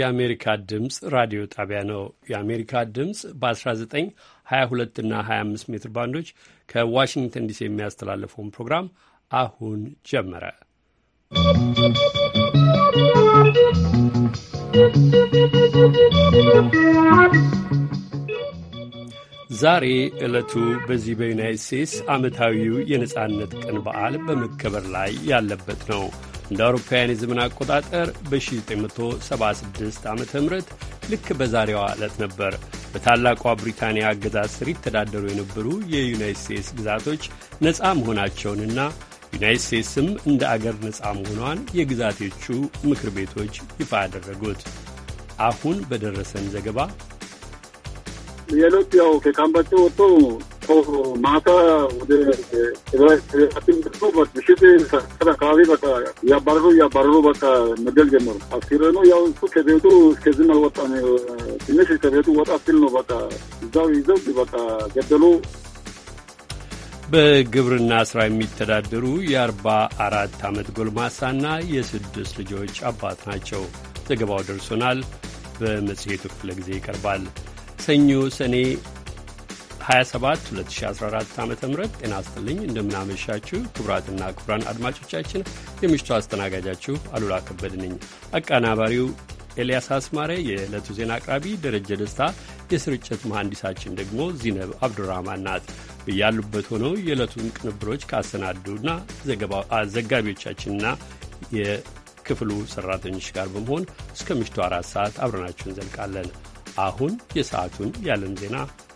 የአሜሪካ ድምፅ ራዲዮ ጣቢያ ነው። የአሜሪካ ድምፅ በ19፣ 22 እና 25 ሜትር ባንዶች ከዋሽንግተን ዲሲ የሚያስተላልፈውን ፕሮግራም አሁን ጀመረ። ዛሬ ዕለቱ በዚህ በዩናይት ስቴትስ ዓመታዊው የነጻነት ቀን በዓል በመከበር ላይ ያለበት ነው። እንደ አውሮፓውያን የዘመን አቆጣጠር በ1976 ዓ ም ልክ በዛሬዋ ዕለት ነበር በታላቋ ብሪታንያ አገዛዝ ስር ይተዳደሩ የነበሩ የዩናይት ስቴትስ ግዛቶች ነፃ መሆናቸውንና ዩናይት ስቴትስም እንደ አገር ነፃ መሆኗን የግዛቶቹ ምክር ቤቶች ይፋ ያደረጉት። አሁን በደረሰን ዘገባ ሌሎች ያው ከካምባቸው ወጥቶ ማታ ወደ ትግራይ ሲመጡ ምሽት አካባቢ በቃ እያባረሩ እያባረሩ በቃ ጀመሩ። አስክሬ ነው ያው እሱ ከቤቱ አልወጣም። ትንሽ ከቤቱ ወጣ ሲል ነው በቃ እዛው ይዘው በቃ ገደሉ። በግብርና ስራ የሚተዳደሩ የአርባ አራት ዓመት ጎልማሳና የስድስት ልጆች አባት ናቸው። ዘገባው ደርሶናል፣ በመጽሔቱ ክፍለ ጊዜ ይቀርባል። ሰኞ ሰኔ 27 2014 ዓ ም ጤና ይስጥልኝ። እንደምናመሻችሁ ክቡራትና ክቡራን አድማጮቻችን የምሽቱ አስተናጋጃችሁ አሉላ ከበድ ነኝ። አቀናባሪው ኤልያስ አስማረ፣ የዕለቱ ዜና አቅራቢ ደረጀ ደስታ፣ የስርጭት መሐንዲሳችን ደግሞ ዚነብ አብዱራህማን ናት። ያሉበት ሆነው የዕለቱን ቅንብሮች ካሰናዱና ዘጋቢዎቻችንና የክፍሉ ሰራተኞች ጋር በመሆን እስከ ምሽቱ አራት ሰዓት አብረናችሁ እንዘልቃለን። አሁን የሰዓቱን የዓለም ዜና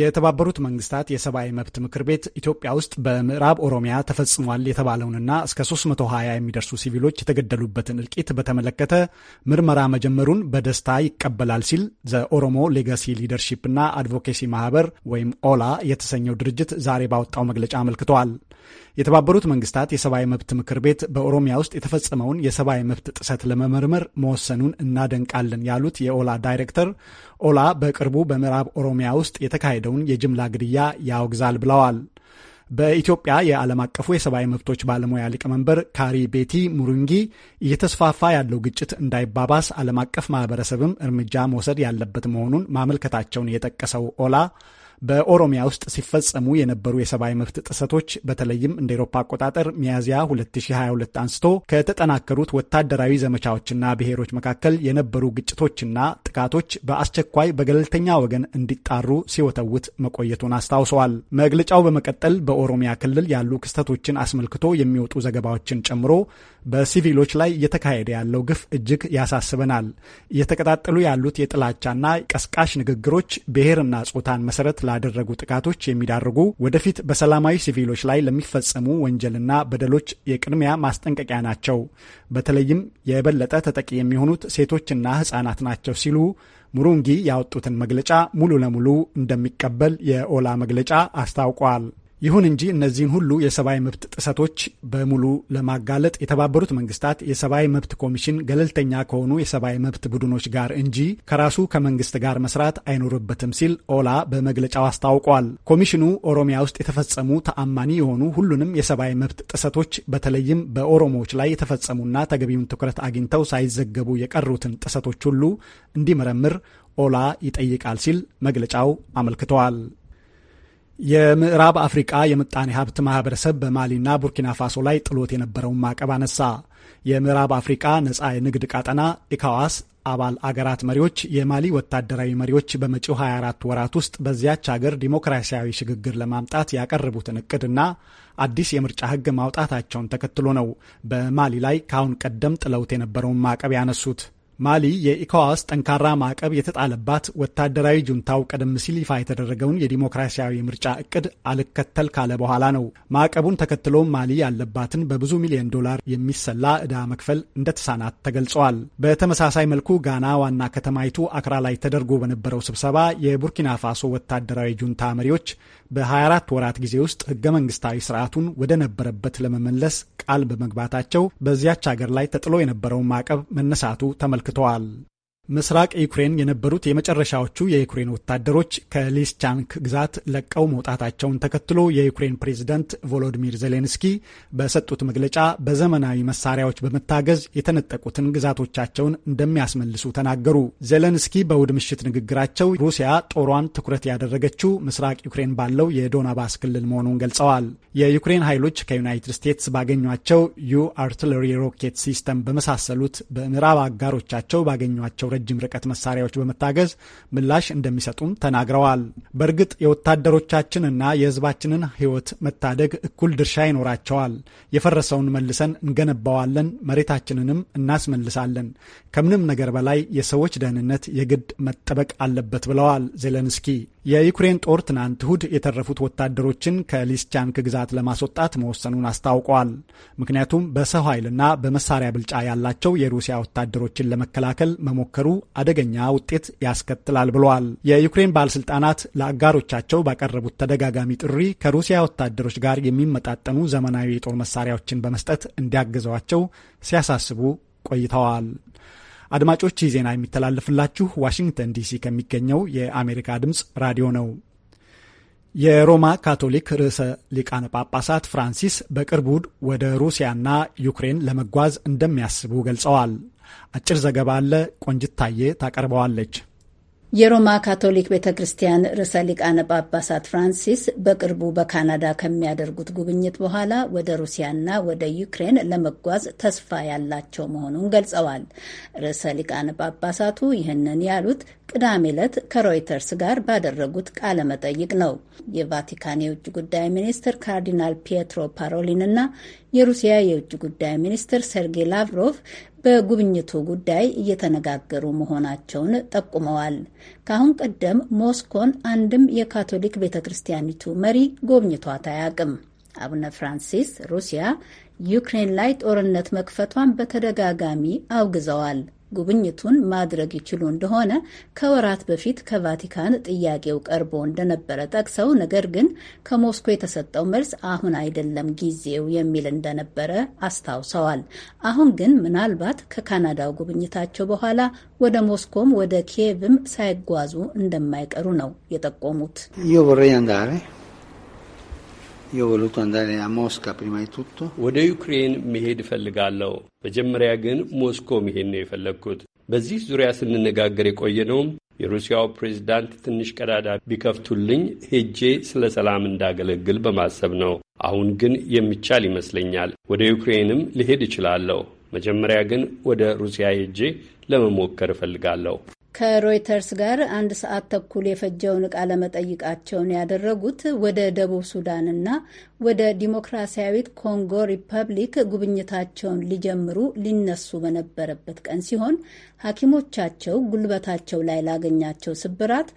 የተባበሩት መንግስታት የሰብአዊ መብት ምክር ቤት ኢትዮጵያ ውስጥ በምዕራብ ኦሮሚያ ተፈጽሟል የተባለውንና እስከ 320 የሚደርሱ ሲቪሎች የተገደሉበትን እልቂት በተመለከተ ምርመራ መጀመሩን በደስታ ይቀበላል ሲል ዘኦሮሞ ሌጋሲ ሊደርሺፕ እና አድቮኬሲ ማህበር ወይም ኦላ የተሰኘው ድርጅት ዛሬ ባወጣው መግለጫ አመልክተዋል። የተባበሩት መንግስታት የሰብአዊ መብት ምክር ቤት በኦሮሚያ ውስጥ የተፈጸመውን የሰብአዊ መብት ጥሰት ለመመርመር መወሰኑን እናደንቃለን ያሉት የኦላ ዳይሬክተር ኦላ በቅርቡ በምዕራብ ኦሮሚያ ውስጥ የተካሄደውን የጅምላ ግድያ ያወግዛል ብለዋል። በኢትዮጵያ የዓለም አቀፉ የሰብአዊ መብቶች ባለሙያ ሊቀመንበር ካሪ ቤቲ ሙሩንጊ እየተስፋፋ ያለው ግጭት እንዳይባባስ ዓለም አቀፍ ማህበረሰብም እርምጃ መውሰድ ያለበት መሆኑን ማመልከታቸውን የጠቀሰው ኦላ በኦሮሚያ ውስጥ ሲፈጸሙ የነበሩ የሰብአዊ መብት ጥሰቶች በተለይም እንደ ኤሮፓ አቆጣጠር ሚያዝያ 2022 አንስቶ ከተጠናከሩት ወታደራዊ ዘመቻዎችና ብሔሮች መካከል የነበሩ ግጭቶችና ጥቃቶች በአስቸኳይ በገለልተኛ ወገን እንዲጣሩ ሲወተውት መቆየቱን አስታውሰዋል። መግለጫው በመቀጠል በኦሮሚያ ክልል ያሉ ክስተቶችን አስመልክቶ የሚወጡ ዘገባዎችን ጨምሮ በሲቪሎች ላይ እየተካሄደ ያለው ግፍ እጅግ ያሳስበናል። እየተቀጣጠሉ ያሉት የጥላቻና ቀስቃሽ ንግግሮች ብሔርና ጾታን መሰረት ላደረጉ ጥቃቶች የሚዳርጉ ወደፊት በሰላማዊ ሲቪሎች ላይ ለሚፈጸሙ ወንጀልና በደሎች የቅድሚያ ማስጠንቀቂያ ናቸው። በተለይም የበለጠ ተጠቂ የሚሆኑት ሴቶችና ህጻናት ናቸው ሲሉ ሙሩንጊ ያወጡትን መግለጫ ሙሉ ለሙሉ እንደሚቀበል የኦላ መግለጫ አስታውቋል። ይሁን እንጂ እነዚህን ሁሉ የሰብአዊ መብት ጥሰቶች በሙሉ ለማጋለጥ የተባበሩት መንግስታት የሰብአዊ መብት ኮሚሽን ገለልተኛ ከሆኑ የሰብአዊ መብት ቡድኖች ጋር እንጂ ከራሱ ከመንግስት ጋር መስራት አይኖርበትም ሲል ኦላ በመግለጫው አስታውቋል። ኮሚሽኑ ኦሮሚያ ውስጥ የተፈጸሙ ተአማኒ የሆኑ ሁሉንም የሰብአዊ መብት ጥሰቶች በተለይም በኦሮሞዎች ላይ የተፈጸሙና ተገቢውን ትኩረት አግኝተው ሳይዘገቡ የቀሩትን ጥሰቶች ሁሉ እንዲመረምር ኦላ ይጠይቃል ሲል መግለጫው አመልክተዋል። የምዕራብ አፍሪቃ የምጣኔ ሀብት ማህበረሰብ በማሊና ቡርኪና ፋሶ ላይ ጥሎት የነበረውን ማዕቀብ አነሳ። የምዕራብ አፍሪቃ ነጻ የንግድ ቃጠና ኢካዋስ አባል አገራት መሪዎች የማሊ ወታደራዊ መሪዎች በመጪው 24 ወራት ውስጥ በዚያች አገር ዲሞክራሲያዊ ሽግግር ለማምጣት ያቀረቡትን እቅድና አዲስ የምርጫ ህግ ማውጣታቸውን ተከትሎ ነው በማሊ ላይ ከአሁን ቀደም ጥለውት የነበረውን ማዕቀብ ያነሱት። ማሊ የኢኮዋስ ጠንካራ ማዕቀብ የተጣለባት ወታደራዊ ጁንታው ቀደም ሲል ይፋ የተደረገውን የዲሞክራሲያዊ ምርጫ እቅድ አልከተል ካለ በኋላ ነው። ማዕቀቡን ተከትሎ ማሊ ያለባትን በብዙ ሚሊዮን ዶላር የሚሰላ ዕዳ መክፈል እንደተሳናት ተገልጸዋል። በተመሳሳይ መልኩ ጋና ዋና ከተማይቱ አክራ ላይ ተደርጎ በነበረው ስብሰባ የቡርኪና ፋሶ ወታደራዊ ጁንታ መሪዎች በ24 ወራት ጊዜ ውስጥ ህገ መንግስታዊ ስርዓቱን ወደ ነበረበት ለመመለስ ቃል በመግባታቸው በዚያች ሀገር ላይ ተጥሎ የነበረውን ማዕቀብ መነሳቱ ተመልክተዋል። ምስራቅ ዩክሬን የነበሩት የመጨረሻዎቹ የዩክሬን ወታደሮች ከሊስቻንክ ግዛት ለቀው መውጣታቸውን ተከትሎ የዩክሬን ፕሬዝደንት ቮሎዲሚር ዜሌንስኪ በሰጡት መግለጫ በዘመናዊ መሳሪያዎች በመታገዝ የተነጠቁትን ግዛቶቻቸውን እንደሚያስመልሱ ተናገሩ። ዜሌንስኪ በውድ ምሽት ንግግራቸው ሩሲያ ጦሯን ትኩረት ያደረገችው ምስራቅ ዩክሬን ባለው የዶናባስ ክልል መሆኑን ገልጸዋል። የዩክሬን ኃይሎች ከዩናይትድ ስቴትስ ባገኟቸው ዩ አርትለሪ ሮኬት ሲስተም በመሳሰሉት በምዕራብ አጋሮቻቸው ባገኟቸው ረጅም ርቀት መሳሪያዎች በመታገዝ ምላሽ እንደሚሰጡም ተናግረዋል። በእርግጥ የወታደሮቻችንና የሕዝባችንን ሕይወት መታደግ እኩል ድርሻ ይኖራቸዋል። የፈረሰውን መልሰን እንገነባዋለን፣ መሬታችንንም እናስመልሳለን። ከምንም ነገር በላይ የሰዎች ደህንነት የግድ መጠበቅ አለበት ብለዋል ዜሌንስኪ። የዩክሬን ጦር ትናንት እሁድ የተረፉት ወታደሮችን ከሊስቻንክ ግዛት ለማስወጣት መወሰኑን አስታውቀዋል። ምክንያቱም በሰው ኃይልና በመሳሪያ ብልጫ ያላቸው የሩሲያ ወታደሮችን ለመከላከል መሞከሩ አደገኛ ውጤት ያስከትላል ብለዋል። የዩክሬን ባለስልጣናት ለአጋሮቻቸው ባቀረቡት ተደጋጋሚ ጥሪ ከሩሲያ ወታደሮች ጋር የሚመጣጠኑ ዘመናዊ የጦር መሳሪያዎችን በመስጠት እንዲያግዘዋቸው ሲያሳስቡ ቆይተዋል። አድማጮች ይህ ዜና የሚተላለፍላችሁ ዋሽንግተን ዲሲ ከሚገኘው የአሜሪካ ድምፅ ራዲዮ ነው። የሮማ ካቶሊክ ርዕሰ ሊቃነ ጳጳሳት ፍራንሲስ በቅርቡ ወደ ሩሲያና ዩክሬን ለመጓዝ እንደሚያስቡ ገልጸዋል። አጭር ዘገባ አለ ቆንጅት ታዬ ታቀርበዋለች። የሮማ ካቶሊክ ቤተ ክርስቲያን ርዕሰ ሊቃነ ጳጳሳት ፍራንሲስ በቅርቡ በካናዳ ከሚያደርጉት ጉብኝት በኋላ ወደ ሩሲያና ወደ ዩክሬን ለመጓዝ ተስፋ ያላቸው መሆኑን ገልጸዋል። ርዕሰ ሊቃነ ጳጳሳቱ ይህንን ያሉት ቅዳሜ ዕለት ከሮይተርስ ጋር ባደረጉት ቃለ መጠይቅ ነው። የቫቲካን የውጭ ጉዳይ ሚኒስትር ካርዲናል ፒየትሮ ፓሮሊንና የሩሲያ የውጭ ጉዳይ ሚኒስትር ሰርጌይ ላቭሮቭ በጉብኝቱ ጉዳይ እየተነጋገሩ መሆናቸውን ጠቁመዋል። ከአሁን ቀደም ሞስኮን አንድም የካቶሊክ ቤተ ክርስቲያኒቱ መሪ ጎብኝቷት አያውቅም። አቡነ ፍራንሲስ ሩሲያ ዩክሬን ላይ ጦርነት መክፈቷን በተደጋጋሚ አውግዘዋል። ጉብኝቱን ማድረግ ይችሉ እንደሆነ ከወራት በፊት ከቫቲካን ጥያቄው ቀርቦ እንደነበረ ጠቅሰው ነገር ግን ከሞስኮ የተሰጠው መልስ አሁን አይደለም ጊዜው የሚል እንደነበረ አስታውሰዋል። አሁን ግን ምናልባት ከካናዳው ጉብኝታቸው በኋላ ወደ ሞስኮም ወደ ኪየቭም ሳይጓዙ እንደማይቀሩ ነው የጠቆሙት። ወደ ዩክሬን መሄድ እፈልጋለሁ። መጀመሪያ ግን ሞስኮ መሄድ ነው የፈለግኩት። በዚህ ዙሪያ ስንነጋገር የቆየነውም የሩሲያው ፕሬዝዳንት ትንሽ ቀዳዳ ቢከፍቱልኝ ሄጄ ስለ ሰላም እንዳገለግል በማሰብ ነው። አሁን ግን የሚቻል ይመስለኛል። ወደ ዩክሬንም ልሄድ እችላለሁ። መጀመሪያ ግን ወደ ሩሲያ ሄጄ ለመሞከር እፈልጋለሁ። ከሮይተርስ ጋር አንድ ሰዓት ተኩል የፈጀውን ቃለ መጠይቃቸውን ያደረጉት ወደ ደቡብ ሱዳንና ወደ ዲሞክራሲያዊት ኮንጎ ሪፐብሊክ ጉብኝታቸውን ሊጀምሩ ሊነሱ በነበረበት ቀን ሲሆን ሐኪሞቻቸው ጉልበታቸው ላይ ላገኛቸው ስብራት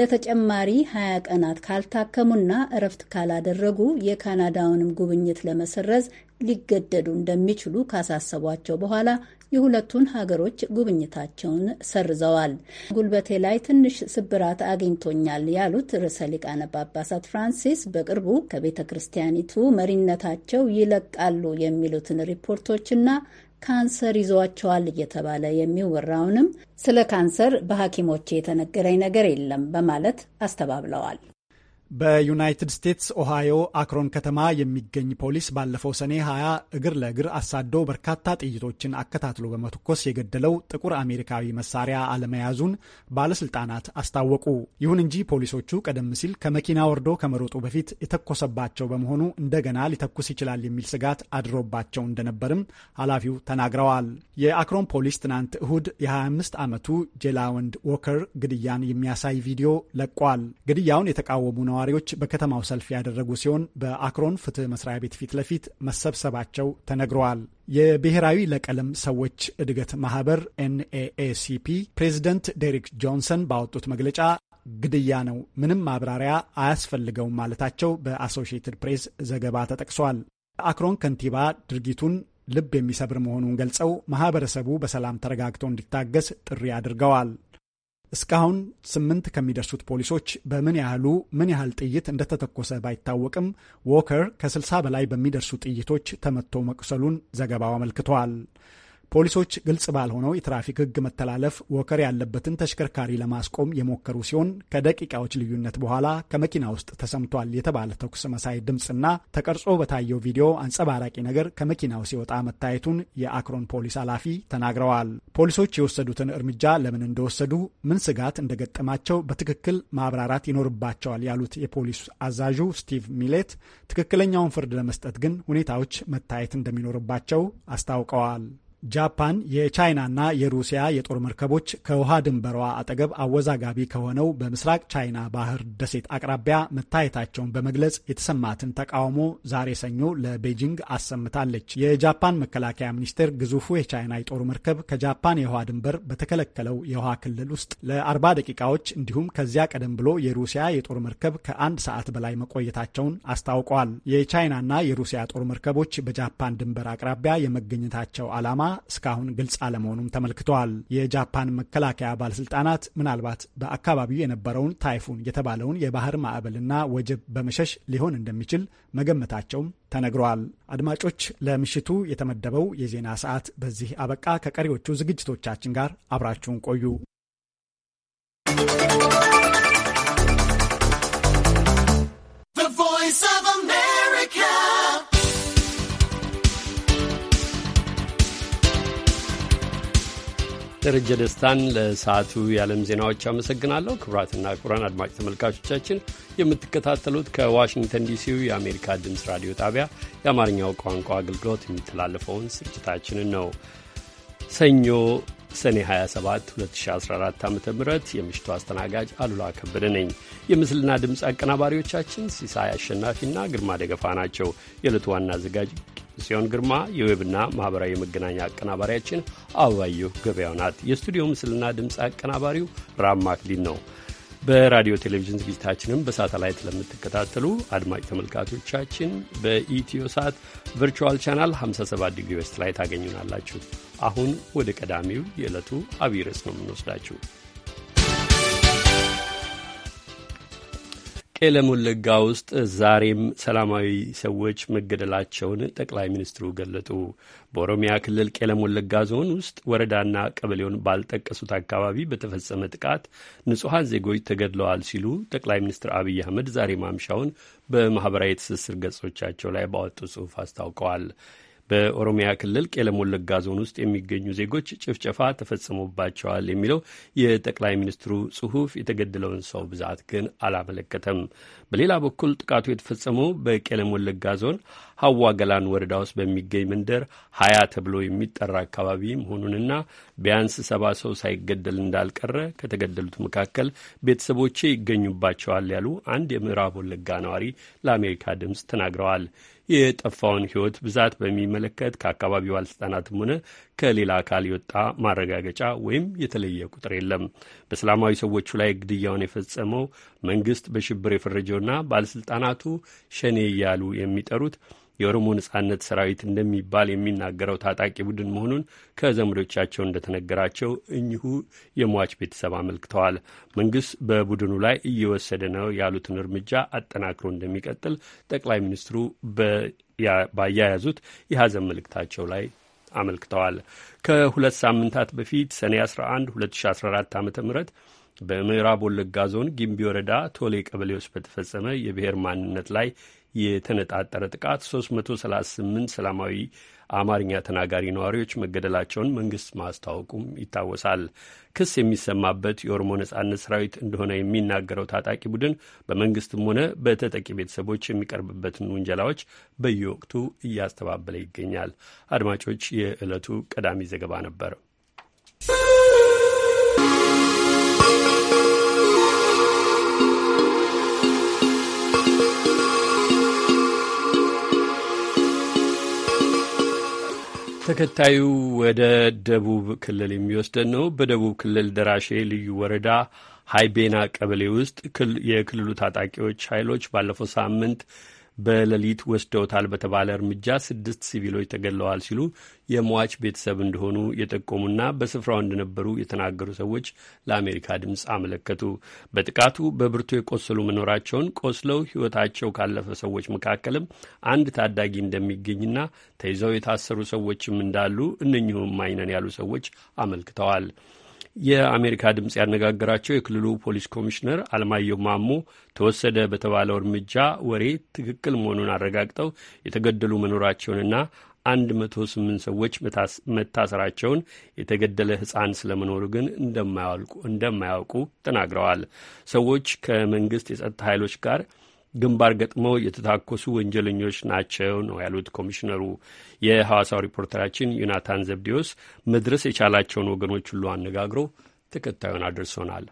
ለተጨማሪ 20 ቀናት ካልታከሙና እረፍት ካላደረጉ የካናዳውንም ጉብኝት ለመሰረዝ ሊገደዱ እንደሚችሉ ካሳሰቧቸው በኋላ የሁለቱን ሀገሮች ጉብኝታቸውን ሰርዘዋል። ጉልበቴ ላይ ትንሽ ስብራት አግኝቶኛል ያሉት ርዕሰ ሊቃነ ጳጳሳት ፍራንሲስ በቅርቡ ከቤተ ክርስቲያኒቱ መሪነታቸው ይለቃሉ የሚሉትን ሪፖርቶችና ካንሰር ይዟቸዋል እየተባለ የሚወራውንም ስለ ካንሰር በሐኪሞቼ የተነገረኝ ነገር የለም በማለት አስተባብለዋል። በዩናይትድ ስቴትስ ኦሃዮ አክሮን ከተማ የሚገኝ ፖሊስ ባለፈው ሰኔ 20 እግር ለእግር አሳዶ በርካታ ጥይቶችን አከታትሎ በመተኮስ የገደለው ጥቁር አሜሪካዊ መሳሪያ አለመያዙን ባለስልጣናት አስታወቁ። ይሁን እንጂ ፖሊሶቹ ቀደም ሲል ከመኪና ወርዶ ከመሮጡ በፊት የተኮሰባቸው በመሆኑ እንደገና ሊተኩስ ይችላል የሚል ስጋት አድሮባቸው እንደነበርም ኃላፊው ተናግረዋል። የአክሮን ፖሊስ ትናንት እሁድ የ25 ዓመቱ ጄላወንድ ዎከር ግድያን የሚያሳይ ቪዲዮ ለቋል። ግድያውን የተቃወሙ ነዋል ነዋሪዎች በከተማው ሰልፍ ያደረጉ ሲሆን በአክሮን ፍትህ መስሪያ ቤት ፊት ለፊት መሰብሰባቸው ተነግረዋል። የብሔራዊ ለቀለም ሰዎች እድገት ማህበር ኤንኤኤሲፒ ፕሬዚደንት ዴሪክ ጆንሰን ባወጡት መግለጫ ግድያ ነው፣ ምንም ማብራሪያ አያስፈልገውም ማለታቸው በአሶሺየትድ ፕሬስ ዘገባ ተጠቅሷል። አክሮን ከንቲባ ድርጊቱን ልብ የሚሰብር መሆኑን ገልጸው ማህበረሰቡ በሰላም ተረጋግቶ እንዲታገስ ጥሪ አድርገዋል። እስካሁን ስምንት ከሚደርሱት ፖሊሶች በምን ያህሉ ምን ያህል ጥይት እንደተተኮሰ ባይታወቅም ዎከር ከ60 በላይ በሚደርሱ ጥይቶች ተመቶ መቁሰሉን ዘገባው አመልክተዋል። ፖሊሶች ግልጽ ባልሆነው የትራፊክ ሕግ መተላለፍ ወከር ያለበትን ተሽከርካሪ ለማስቆም የሞከሩ ሲሆን ከደቂቃዎች ልዩነት በኋላ ከመኪና ውስጥ ተሰምቷል የተባለ ተኩስ መሳይ ድምፅና ተቀርጾ በታየው ቪዲዮ አንጸባራቂ ነገር ከመኪናው ሲወጣ መታየቱን የአክሮን ፖሊስ ኃላፊ ተናግረዋል። ፖሊሶች የወሰዱትን እርምጃ ለምን እንደወሰዱ፣ ምን ስጋት እንደገጠማቸው በትክክል ማብራራት ይኖርባቸዋል ያሉት የፖሊስ አዛዡ ስቲቭ ሚሌት ትክክለኛውን ፍርድ ለመስጠት ግን ሁኔታዎች መታየት እንደሚኖርባቸው አስታውቀዋል። ጃፓን የቻይናና የሩሲያ የጦር መርከቦች ከውሃ ድንበሯ አጠገብ አወዛጋቢ ከሆነው በምስራቅ ቻይና ባህር ደሴት አቅራቢያ መታየታቸውን በመግለጽ የተሰማትን ተቃውሞ ዛሬ ሰኞ ለቤጂንግ አሰምታለች። የጃፓን መከላከያ ሚኒስቴር ግዙፉ የቻይና የጦር መርከብ ከጃፓን የውሃ ድንበር በተከለከለው የውሃ ክልል ውስጥ ለአርባ ደቂቃዎች እንዲሁም ከዚያ ቀደም ብሎ የሩሲያ የጦር መርከብ ከአንድ ሰዓት በላይ መቆየታቸውን አስታውቀዋል። የቻይናና የሩሲያ ጦር መርከቦች በጃፓን ድንበር አቅራቢያ የመገኘታቸው ዓላማ እስካሁን ግልጽ አለመሆኑም ተመልክተዋል። የጃፓን መከላከያ ባለስልጣናት ምናልባት በአካባቢው የነበረውን ታይፉን የተባለውን የባህር ማዕበልና ወጀብ በመሸሽ ሊሆን እንደሚችል መገመታቸውም ተነግረዋል። አድማጮች፣ ለምሽቱ የተመደበው የዜና ሰዓት በዚህ አበቃ። ከቀሪዎቹ ዝግጅቶቻችን ጋር አብራችሁን ቆዩ። The Voice of America ደረጀ ደስታን ለሰዓቱ የዓለም ዜናዎች አመሰግናለሁ። ክቡራትና ክቡራን አድማጭ ተመልካቾቻችን የምትከታተሉት ከዋሽንግተን ዲሲው የአሜሪካ ድምፅ ራዲዮ ጣቢያ የአማርኛው ቋንቋ አገልግሎት የሚተላለፈውን ስርጭታችንን ነው። ሰኞ ሰኔ 27 2014 ዓ ም የምሽቱ አስተናጋጅ አሉላ ከበደ ነኝ። የምስልና ድምፅ አቀናባሪዎቻችን ሲሳይ አሸናፊና ግርማ ደገፋ ናቸው። የዕለቱ ዋና አዘጋጅ ጽዮን ግርማ፣ የዌብና ማኅበራዊ መገናኛ አቀናባሪያችን አበባየሁ ገበያው ናት። የስቱዲዮ ምስልና ድምፅ አቀናባሪው ራም ማክሊን ነው። በራዲዮ ቴሌቪዥን ዝግጅታችንም በሳተላይት ለምትከታተሉ አድማጭ ተመልካቾቻችን በኢትዮ ሳት ቨርቹዋል ቻናል 57 ዲግሪ ዌስት ላይ ታገኙናላችሁ። አሁን ወደ ቀዳሚው የዕለቱ አብይ ርዕስ ነው የምንወስዳችሁ። ቄለም ወለጋ ውስጥ ዛሬም ሰላማዊ ሰዎች መገደላቸውን ጠቅላይ ሚኒስትሩ ገለጡ። በኦሮሚያ ክልል ቄለም ወለጋ ዞን ውስጥ ወረዳና ቀበሌውን ባልጠቀሱት አካባቢ በተፈጸመ ጥቃት ንጹሐን ዜጎች ተገድለዋል ሲሉ ጠቅላይ ሚኒስትር አብይ አህመድ ዛሬ ማምሻውን በማህበራዊ ትስስር ገጾቻቸው ላይ ባወጡ ጽሑፍ አስታውቀዋል። በኦሮሚያ ክልል ቄለም ወለጋ ዞን ውስጥ የሚገኙ ዜጎች ጭፍጨፋ ተፈጽሞባቸዋል የሚለው የጠቅላይ ሚኒስትሩ ጽሁፍ የተገደለውን ሰው ብዛት ግን አላመለከተም። በሌላ በኩል ጥቃቱ የተፈጸመው በቄለም ወለጋ ዞን ሀዋ ገላን ወረዳ ውስጥ በሚገኝ መንደር ሀያ ተብሎ የሚጠራ አካባቢ መሆኑንና ቢያንስ ሰባ ሰው ሳይገደል እንዳልቀረ ከተገደሉት መካከል ቤተሰቦቼ ይገኙባቸዋል ያሉ አንድ የምዕራብ ወለጋ ነዋሪ ለአሜሪካ ድምፅ ተናግረዋል። የጠፋውን ሕይወት ብዛት በሚመለከት ከአካባቢው ባለስልጣናትም ሆነ ከሌላ አካል የወጣ ማረጋገጫ ወይም የተለየ ቁጥር የለም። በሰላማዊ ሰዎቹ ላይ ግድያውን የፈጸመው መንግስት በሽብር የፈረጀውና ባለሥልጣናቱ ሸኔ እያሉ የሚጠሩት የኦሮሞ ነጻነት ሰራዊት እንደሚባል የሚናገረው ታጣቂ ቡድን መሆኑን ከዘመዶቻቸው እንደተነገራቸው እኚሁ የሟች ቤተሰብ አመልክተዋል። መንግስት በቡድኑ ላይ እየወሰደ ነው ያሉትን እርምጃ አጠናክሮ እንደሚቀጥል ጠቅላይ ሚኒስትሩ ባያያዙት የሐዘን መልእክታቸው ላይ አመልክተዋል። ከሁለት ሳምንታት በፊት ሰኔ 11 2014 ዓ ም በምዕራብ ወለጋ ዞን ጊምቢ ወረዳ ቶሌ ቀበሌዎች በተፈጸመ የብሔር ማንነት ላይ የተነጣጠረ ጥቃት 338 ሰላማዊ አማርኛ ተናጋሪ ነዋሪዎች መገደላቸውን መንግስት ማስታወቁም ይታወሳል። ክስ የሚሰማበት የኦሮሞ ነጻነት ሰራዊት እንደሆነ የሚናገረው ታጣቂ ቡድን በመንግስትም ሆነ በተጠቂ ቤተሰቦች የሚቀርብበትን ውንጀላዎች በየወቅቱ እያስተባበለ ይገኛል። አድማጮች፣ የዕለቱ ቀዳሚ ዘገባ ነበር። ተከታዩ ወደ ደቡብ ክልል የሚወስደን ነው። በደቡብ ክልል ደራሼ ልዩ ወረዳ ሀይቤና ቀበሌ ውስጥ የክልሉ ታጣቂዎች ኃይሎች ባለፈው ሳምንት በሌሊት ወስደውታል በተባለ እርምጃ ስድስት ሲቪሎች ተገድለዋል ሲሉ የሟች ቤተሰብ እንደሆኑ የጠቆሙና በስፍራው እንደነበሩ የተናገሩ ሰዎች ለአሜሪካ ድምፅ አመለከቱ። በጥቃቱ በብርቱ የቆሰሉ መኖራቸውን፣ ቆስለው ሕይወታቸው ካለፈ ሰዎች መካከልም አንድ ታዳጊ እንደሚገኝና ተይዘው የታሰሩ ሰዎችም እንዳሉ እነኚሁም አይነን ያሉ ሰዎች አመልክተዋል። የአሜሪካ ድምፅ ያነጋገራቸው የክልሉ ፖሊስ ኮሚሽነር አለማየሁ ማሞ ተወሰደ በተባለው እርምጃ ወሬ ትክክል መሆኑን አረጋግጠው የተገደሉ መኖራቸውንና አንድ መቶ ስምንት ሰዎች መታሰራቸውን የተገደለ ሕፃን ስለመኖሩ ግን እንደማያውቁ ተናግረዋል። ሰዎች ከመንግስት የጸጥታ ኃይሎች ጋር ግንባር ገጥመው የተታኮሱ ወንጀለኞች ናቸው ነው ያሉት ኮሚሽነሩ። የሐዋሳው ሪፖርተራችን ዮናታን ዘብዴዎስ መድረስ የቻላቸውን ወገኖች ሁሉ አነጋግሮ ተከታዩን አድርሶናል።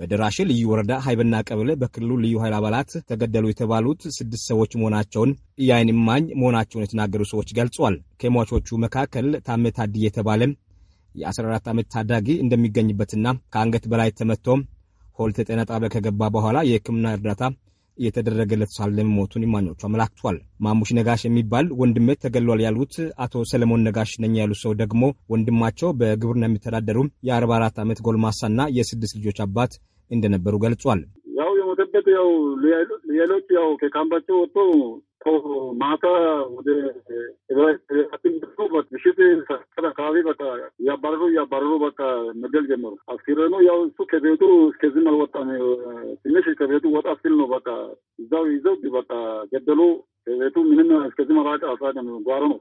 በደራሼ ልዩ ወረዳ ሀይበና ቀበሌ በክልሉ ልዩ ኃይል አባላት ተገደሉ የተባሉት ስድስት ሰዎች መሆናቸውን የዓይን እማኝ መሆናቸውን የተናገሩ ሰዎች ገልጿል። ከሟቾቹ መካከል ታሜ ታድዬ የተባለ የ14 ዓመት ታዳጊ እንደሚገኝበትና ከአንገት በላይ ተመቶ ሆልት ጤና ጣቢያ ከገባ በኋላ የሕክምና እርዳታ የተደረገለት ሳለ መሞቱን ይማኞቹ አመላክቷል። ማሙሽ ነጋሽ የሚባል ወንድሜ ተገሏል ያሉት አቶ ሰለሞን ነጋሽ ነኝ ያሉት ሰው ደግሞ ወንድማቸው በግብርና የሚተዳደሩ የ44 ዓመት ጎልማሳና የስድስት ልጆች አባት እንደነበሩ ገልጿል። ወደበት ያው ሌሎች ያው ከካምፓቸው ወጥቶ ማታ ወደ ምሽት አካባቢ በቃ እያባረሩ እያባረሩ በቃ መግደል ጀመሩ። አስክሬኑ ያው እሱ ከቤቱ እስከዚህም አልወጣም። ትንሽ ከቤቱ ወጣ ሲል ነው በቃ እዛው ይዘው በቃ ገደሉ። ከቤቱ ምንም እስከዚህ መራቅ አልሳቀም። ጓሮ ነው።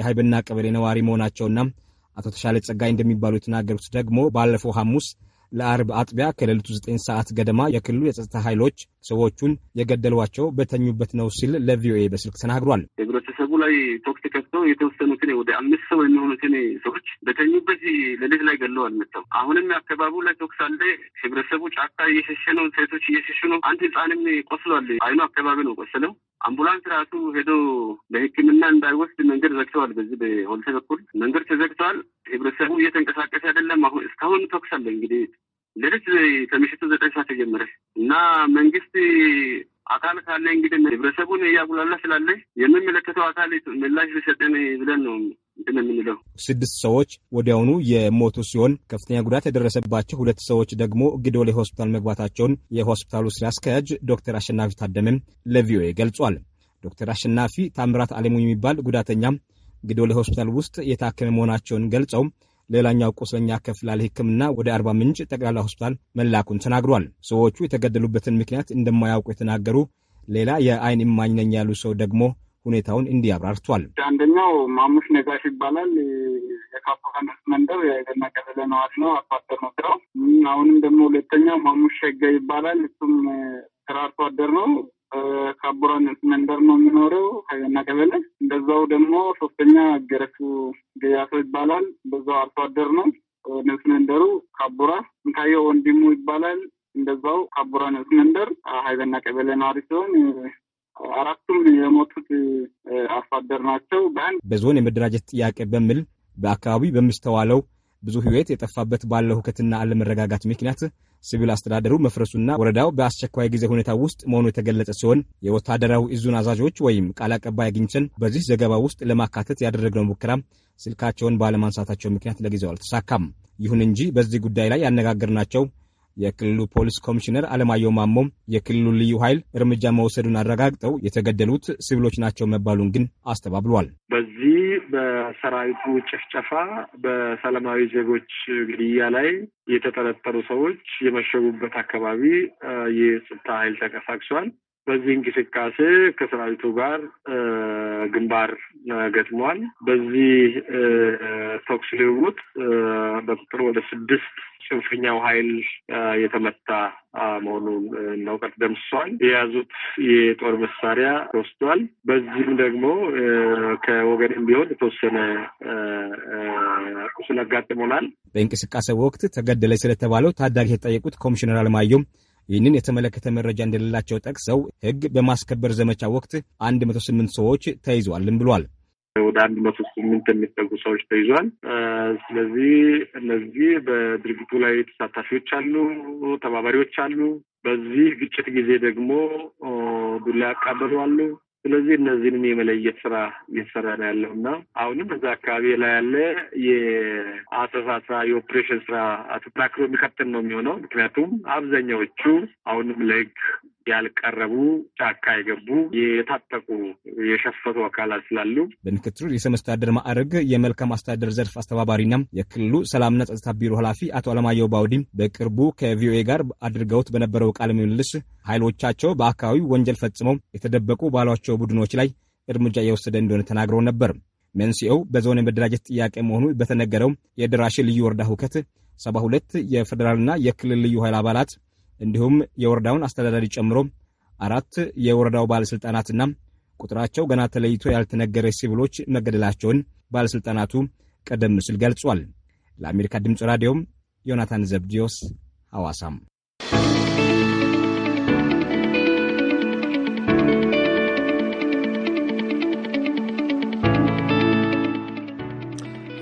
የሀይብና ቀበሌ ነዋሪ መሆናቸውና አቶ ተሻለ ጸጋይ እንደሚባሉ የተናገሩት ደግሞ ባለፈው ሐሙስ ለአርብ አጥቢያ ከሌሊቱ 9 ሰዓት ገደማ የክልሉ የጸጥታ ኃይሎች ሰዎቹን የገደሏቸው በተኙበት ነው ሲል ለቪኦኤ በስልክ ተናግሯል። ህብረተሰቡ ላይ ቶክስ ከፍተው የተወሰኑትን ወደ አምስት ሰው የሚሆኑትን ሰዎች በተኙበት ሌሊት ላይ ገለው አልመጣው። አሁንም አካባቢው ላይ ቶክስ አለ። ህብረተሰቡ ጫካ እየሸሸ ነው፣ ሴቶች እየሸሹ ነው። አንድ ህፃንም ቆስሏል። አይኑ አካባቢ ነው ቆስለው አምቡላንስ ራሱ ሄዶ ለሕክምና እንዳይወስድ መንገድ ዘግተዋል። በዚህ በሆልሴ በኩል መንገድ ተዘግተዋል። ህብረተሰቡ እየተንቀሳቀሰ አይደለም። አሁን እስካሁን ተኩስ አለ። እንግዲህ ሌሊት ከምሽቱ ዘጠኝ ሰዓት የጀመረ እና መንግስት አካል ካለ እንግዲህ ህብረተሰቡን እያጉላላ ስላለ የምመለከተው አካል ምላሽ ሊሰጠን ብለን ነው የምንለው። ስድስት ሰዎች ወዲያውኑ የሞቱ ሲሆን ከፍተኛ ጉዳት የደረሰባቸው ሁለት ሰዎች ደግሞ ግዶሌ ሆስፒታል መግባታቸውን የሆስፒታሉ ስራ አስኪያጅ ዶክተር አሸናፊ ታደመም ለቪኦኤ ገልጿል። ዶክተር አሸናፊ ታምራት አለሙ የሚባል ጉዳተኛ ግዶሌ ሆስፒታል ውስጥ የታከመ መሆናቸውን ገልጸው ሌላኛው ቁስለኛ ከፍላል ሕክምና ወደ አርባ ምንጭ ጠቅላላ ሆስፒታል መላኩን ተናግሯል። ሰዎቹ የተገደሉበትን ምክንያት እንደማያውቁ የተናገሩ ሌላ የአይን እማኝ ነኝ ያሉ ሰው ደግሞ ሁኔታውን እንዲህ አብራርቷል። አንደኛው ማሙሽ ነጋሽ ይባላል። የካፖካነስ መንደር የገና ቀበሌ ነዋሪ ነው። አርሶአደር ነው ስራው። አሁንም ደግሞ ሁለተኛው ማሙሽ ሸጋ ይባላል። እሱም ስራ አርሶአደር ነው። ከአቡራነት መንደር ነው የሚኖረው ሀይና ቀበሌ። እንደዛው ደግሞ ሶስተኛ ገረቱ ገያሶ ይባላል። በዛው አርሶ አደር ነው። ነፍስ መንደሩ ከአቡራ እንካየ ወንድሙ ይባላል። እንደዛው ከአቡራ መንደር ሀይበና ቀበሌ ነዋሪ ሲሆን አራቱም የሞቱት አርሶ አደር ናቸው። በአንድ በዞን የመደራጀት ጥያቄ በሚል በአካባቢ በሚስተዋለው ብዙ ህይወት የጠፋበት ባለው ሁከትና አለመረጋጋት ምክንያት ሲቪል አስተዳደሩ መፍረሱና ወረዳው በአስቸኳይ ጊዜ ሁኔታ ውስጥ መሆኑ የተገለጸ ሲሆን የወታደራዊ እዙን አዛዦች ወይም ቃል አቀባይ አግኝተን በዚህ ዘገባ ውስጥ ለማካተት ያደረግነው ሙከራ ስልካቸውን ባለማንሳታቸው ምክንያት ለጊዜው አልተሳካም። ይሁን እንጂ በዚህ ጉዳይ ላይ ያነጋገርናቸው የክልሉ ፖሊስ ኮሚሽነር አለማየሁ ማሞ የክልሉ ልዩ ኃይል እርምጃ መውሰዱን አረጋግጠው የተገደሉት ሲቪሎች ናቸው መባሉን ግን አስተባብሏል። በዚህ በሰራዊቱ ጭፍጨፋ፣ በሰላማዊ ዜጎች ግድያ ላይ የተጠረጠሩ ሰዎች የመሸጉበት አካባቢ የጸጥታ ኃይል ተንቀሳቅሷል። በዚህ እንቅስቃሴ ከሰራዊቱ ጋር ግንባር ገጥሟል። በዚህ ተኩስ ልውውጥ በቁጥር ወደ ስድስት ጽንፈኛው ኃይል የተመታ መሆኑን እናውቀት ደምስሷል። የያዙት የጦር መሳሪያ ተወስዷል። በዚህም ደግሞ ከወገንም ቢሆን የተወሰነ ቁስል አጋጥሞናል። በእንቅስቃሴ ወቅት ተገደለ ስለተባለው ታዳጊ የተጠየቁት ኮሚሽነር አለማየሁም ይህንን የተመለከተ መረጃ እንደሌላቸው ጠቅሰው ህግ በማስከበር ዘመቻ ወቅት 108 ሰዎች ተይዘዋልም ብሏል። ወደ አንድ መቶ ስምንት የሚጠጉ ሰዎች ተይዟል። ስለዚህ እነዚህ በድርጊቱ ላይ ተሳታፊዎች አሉ፣ ተባባሪዎች አሉ። በዚህ ግጭት ጊዜ ደግሞ ዱላ ያቃበሉ አሉ፣ ስለዚህ እነዚህንም የመለየት ስራ እየተሰራ ነው ያለው እና አሁንም እዛ አካባቢ ላይ ያለ የአሰሳ ስራ የኦፕሬሽን ስራ አተጠናክሮ የሚቀጥል ነው የሚሆነው። ምክንያቱም አብዛኛዎቹ አሁንም ለህግ ያልቀረቡ ጫካ የገቡ የታጠቁ የሸፈቱ አካላት ስላሉ በምክትሉ ርዕሰ መስተዳደር ማዕረግ የመልካም አስተዳደር ዘርፍ አስተባባሪና የክልሉ ሰላምና ጸጥታ ቢሮ ኃላፊ አቶ አለማየሁ ባውዲ በቅርቡ ከቪኦኤ ጋር አድርገውት በነበረው ቃለ ምልልስ ኃይሎቻቸው በአካባቢው ወንጀል ፈጽመው የተደበቁ ባሏቸው ቡድኖች ላይ እርምጃ የወሰደ እንደሆነ ተናግረው ነበር። መንስኤው በዞን የመደራጀት ጥያቄ መሆኑ በተነገረው የደራሽ ልዩ ወረዳ ሁከት ሁለት የፌዴራልና የክልል ልዩ ኃይል አባላት እንዲሁም የወረዳውን አስተዳዳሪ ጨምሮ አራት የወረዳው ባለሥልጣናትና ቁጥራቸው ገና ተለይቶ ያልተነገረ ሲቪሎች መገደላቸውን ባለሥልጣናቱ ቀደም ሲል ገልጿል። ለአሜሪካ ድምፅ ራዲዮም ዮናታን ዘብዲዮስ ሐዋሳም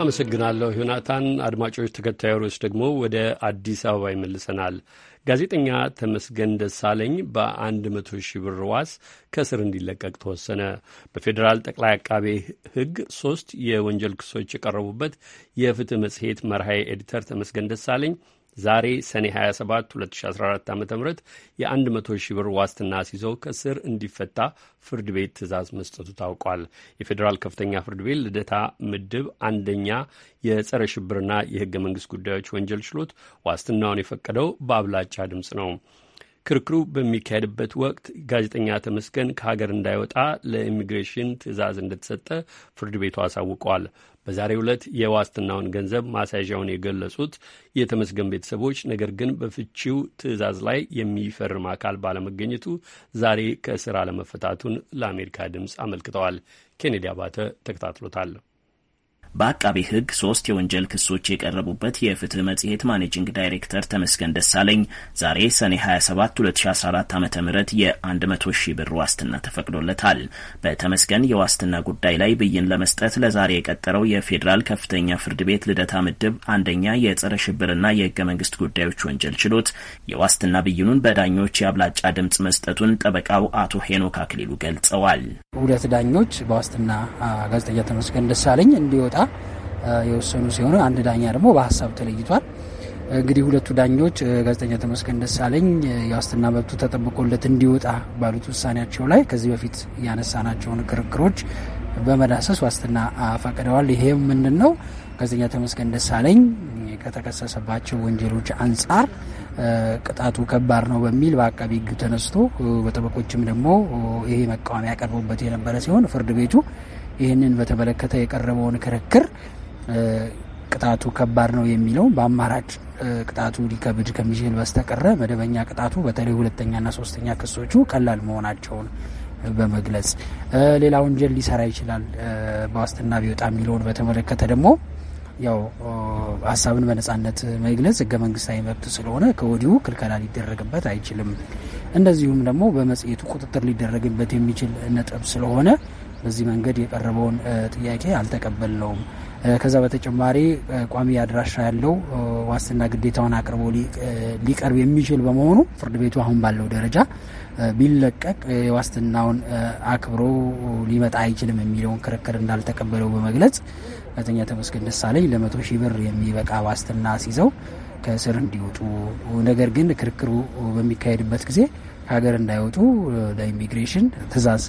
አመሰግናለሁ ዮናታን። አድማጮች፣ ተከታዩ ርዕስ ደግሞ ወደ አዲስ አበባ ይመልሰናል። ጋዜጠኛ ተመስገን ደሳለኝ በአንድ መቶ ሺህ ብር ዋስ ከእስር እንዲለቀቅ ተወሰነ። በፌዴራል ጠቅላይ አቃቤ ሕግ ሶስት የወንጀል ክሶች የቀረቡበት የፍትህ መጽሔት መርሃይ ኤዲተር ተመስገን ደሳለኝ ዛሬ ሰኔ 27 2014 ዓ ም የ100 ሺህ ብር ዋስትና ሲዞ ከእስር እንዲፈታ ፍርድ ቤት ትዕዛዝ መስጠቱ ታውቋል። የፌዴራል ከፍተኛ ፍርድ ቤት ልደታ ምድብ አንደኛ የጸረ ሽብርና የህገ መንግስት ጉዳዮች ወንጀል ችሎት ዋስትናውን የፈቀደው በአብላጫ ድምፅ ነው። ክርክሩ በሚካሄድበት ወቅት ጋዜጠኛ ተመስገን ከሀገር እንዳይወጣ ለኢሚግሬሽን ትዕዛዝ እንደተሰጠ ፍርድ ቤቱ አሳውቋል። በዛሬው ዕለት የዋስትናውን ገንዘብ ማስያዣውን የገለጹት የተመስገን ቤተሰቦች ነገር ግን በፍቺው ትዕዛዝ ላይ የሚፈርም አካል ባለመገኘቱ ዛሬ ከእስር አለመፈታቱን ለአሜሪካ ድምፅ አመልክተዋል። ኬኔዲ አባተ ተከታትሎታል። በአቃቤ ሕግ ሶስት የወንጀል ክሶች የቀረቡበት የፍትህ መጽሔት ማኔጂንግ ዳይሬክተር ተመስገን ደሳለኝ ዛሬ ሰኔ 27 2014 ዓ ም የ100 ሺህ ብር ዋስትና ተፈቅዶለታል። በተመስገን የዋስትና ጉዳይ ላይ ብይን ለመስጠት ለዛሬ የቀጠረው የፌዴራል ከፍተኛ ፍርድ ቤት ልደታ ምድብ አንደኛ የጸረ ሽብርና የህገ መንግስት ጉዳዮች ወንጀል ችሎት የዋስትና ብይኑን በዳኞች የአብላጫ ድምፅ መስጠቱን ጠበቃው አቶ ሄኖክ አክሊሉ ገልጸዋል። ሁለት ዳኞች በዋስትና ጋዜጠኛ ተመስገን ደሳለኝ እንዲወጣ የወሰኑ ሲሆኑ አንድ ዳኛ ደግሞ በሀሳብ ተለይቷል። እንግዲህ ሁለቱ ዳኞች ጋዜጠኛ ተመስገን ደሳለኝ የዋስትና መብቱ ተጠብቆለት እንዲወጣ ባሉት ውሳኔያቸው ላይ ከዚህ በፊት ያነሳናቸውን ክርክሮች በመዳሰስ ዋስትና ፈቅደዋል። ይሄም ምንድን ነው? ጋዜጠኛ ተመስገን ደሳለኝ ከተከሰሰባቸው ወንጀሎች አንጻር ቅጣቱ ከባድ ነው በሚል በአቃቢ ሕጉ ተነስቶ በጠበቆችም ደግሞ ይሄ መቃወሚያ ያቀርቡበት የነበረ ሲሆን ፍርድ ቤቱ ይህንን በተመለከተ የቀረበውን ክርክር ቅጣቱ ከባድ ነው የሚለው በአማራጭ ቅጣቱ ሊከብድ ከሚችል በስተቀረ መደበኛ ቅጣቱ በተለይ ሁለተኛና ሶስተኛ ክሶቹ ቀላል መሆናቸውን በመግለጽ ሌላ ወንጀል ሊሰራ ይችላል በዋስትና ቢወጣ የሚለውን በተመለከተ ደግሞ ያው ሀሳብን በነጻነት መግለጽ ህገ መንግስታዊ መብት ስለሆነ ከወዲሁ ክልከላ ሊደረግበት አይችልም። እንደዚሁም ደግሞ በመጽሔቱ ቁጥጥር ሊደረግበት የሚችል ነጥብ ስለሆነ በዚህ መንገድ የቀረበውን ጥያቄ አልተቀበልነውም። ከዛ በተጨማሪ ቋሚ አድራሻ ያለው ዋስትና ግዴታውን አቅርቦ ሊቀርብ የሚችል በመሆኑ ፍርድ ቤቱ አሁን ባለው ደረጃ ቢለቀቅ የዋስትናውን አክብሮ ሊመጣ አይችልም የሚለውን ክርክር እንዳልተቀበለው በመግለጽ ጋዜጠኛ ተመስገን ደሳለኝ ለመቶ ሺህ ብር የሚበቃ ዋስትና ሲዘው ከእስር እንዲወጡ ነገር ግን ክርክሩ በሚካሄድበት ጊዜ ከሀገር እንዳይወጡ ለኢሚግሬሽን ትዕዛዝ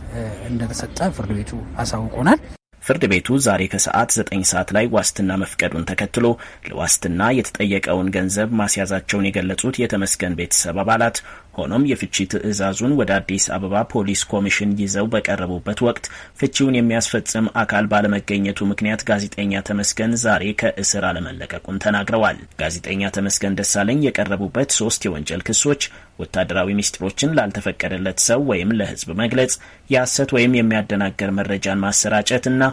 እንደተሰጠ ፍርድ ቤቱ አሳውቆናል። ፍርድ ቤቱ ዛሬ ከሰዓት ዘጠኝ ሰዓት ላይ ዋስትና መፍቀዱን ተከትሎ ለዋስትና የተጠየቀውን ገንዘብ ማስያዛቸውን የገለጹት የተመስገን ቤተሰብ አባላት ሆኖም የፍቺ ትዕዛዙን ወደ አዲስ አበባ ፖሊስ ኮሚሽን ይዘው በቀረቡበት ወቅት ፍቺውን የሚያስፈጽም አካል ባለመገኘቱ ምክንያት ጋዜጠኛ ተመስገን ዛሬ ከእስር አለመለቀቁን ተናግረዋል። ጋዜጠኛ ተመስገን ደሳለኝ የቀረቡበት ሶስት የወንጀል ክሶች ወታደራዊ ሚስጥሮችን ላልተፈቀደለት ሰው ወይም ለሕዝብ መግለጽ፣ የሐሰት ወይም የሚያደናገር መረጃን ማሰራጨት እና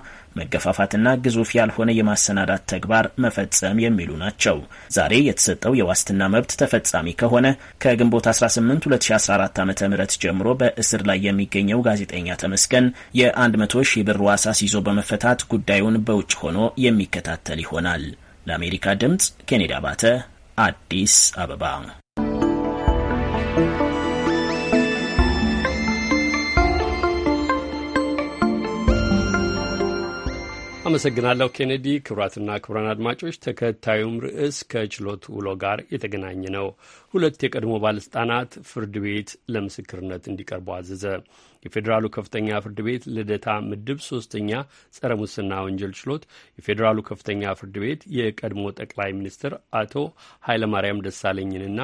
መገፋፋትና ግዙፍ ያልሆነ የማሰናዳት ተግባር መፈጸም የሚሉ ናቸው። ዛሬ የተሰጠው የዋስትና መብት ተፈጻሚ ከሆነ ከግንቦት 18 2014 ዓ ም ጀምሮ በእስር ላይ የሚገኘው ጋዜጠኛ ተመስገን የ100 ሺህ ብር ዋስ አስይዞ በመፈታት ጉዳዩን በውጭ ሆኖ የሚከታተል ይሆናል። ለአሜሪካ ድምፅ ኬኔዲ አባተ አዲስ አበባ አመሰግናለሁ ኬኔዲ። ክቡራትና ክቡራን አድማጮች ተከታዩም ርዕስ ከችሎት ውሎ ጋር የተገናኘ ነው። ሁለት የቀድሞ ባለስልጣናት ፍርድ ቤት ለምስክርነት እንዲቀርቡ አዘዘ። የፌዴራሉ ከፍተኛ ፍርድ ቤት ልደታ ምድብ ሶስተኛ ጸረ ሙስና ወንጀል ችሎት የፌዴራሉ ከፍተኛ ፍርድ ቤት የቀድሞ ጠቅላይ ሚኒስትር አቶ ኃይለማርያም ደሳለኝንና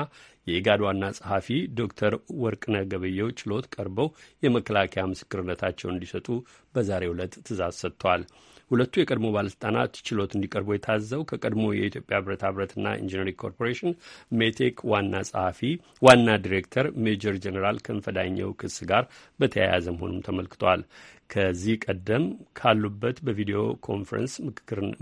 የኢጋድ ዋና ጸሐፊ ዶክተር ወርቅነህ ገበየው ችሎት ቀርበው የመከላከያ ምስክርነታቸውን እንዲሰጡ በዛሬው ዕለት ትእዛዝ ሰጥቷል። ሁለቱ የቀድሞ ባለስልጣናት ችሎት እንዲቀርቡ የታዘው ከቀድሞ የኢትዮጵያ ብረታ ብረትና ኢንጂነሪንግ ኮርፖሬሽን ሜቴክ ዋና ጸሐፊ ዋና ዲሬክተር ሜጀር ጀኔራል ክንፈዳኘው ክስ ጋር በተያያዘ መሆኑም ተመልክቷል። ከዚህ ቀደም ካሉበት በቪዲዮ ኮንፈረንስ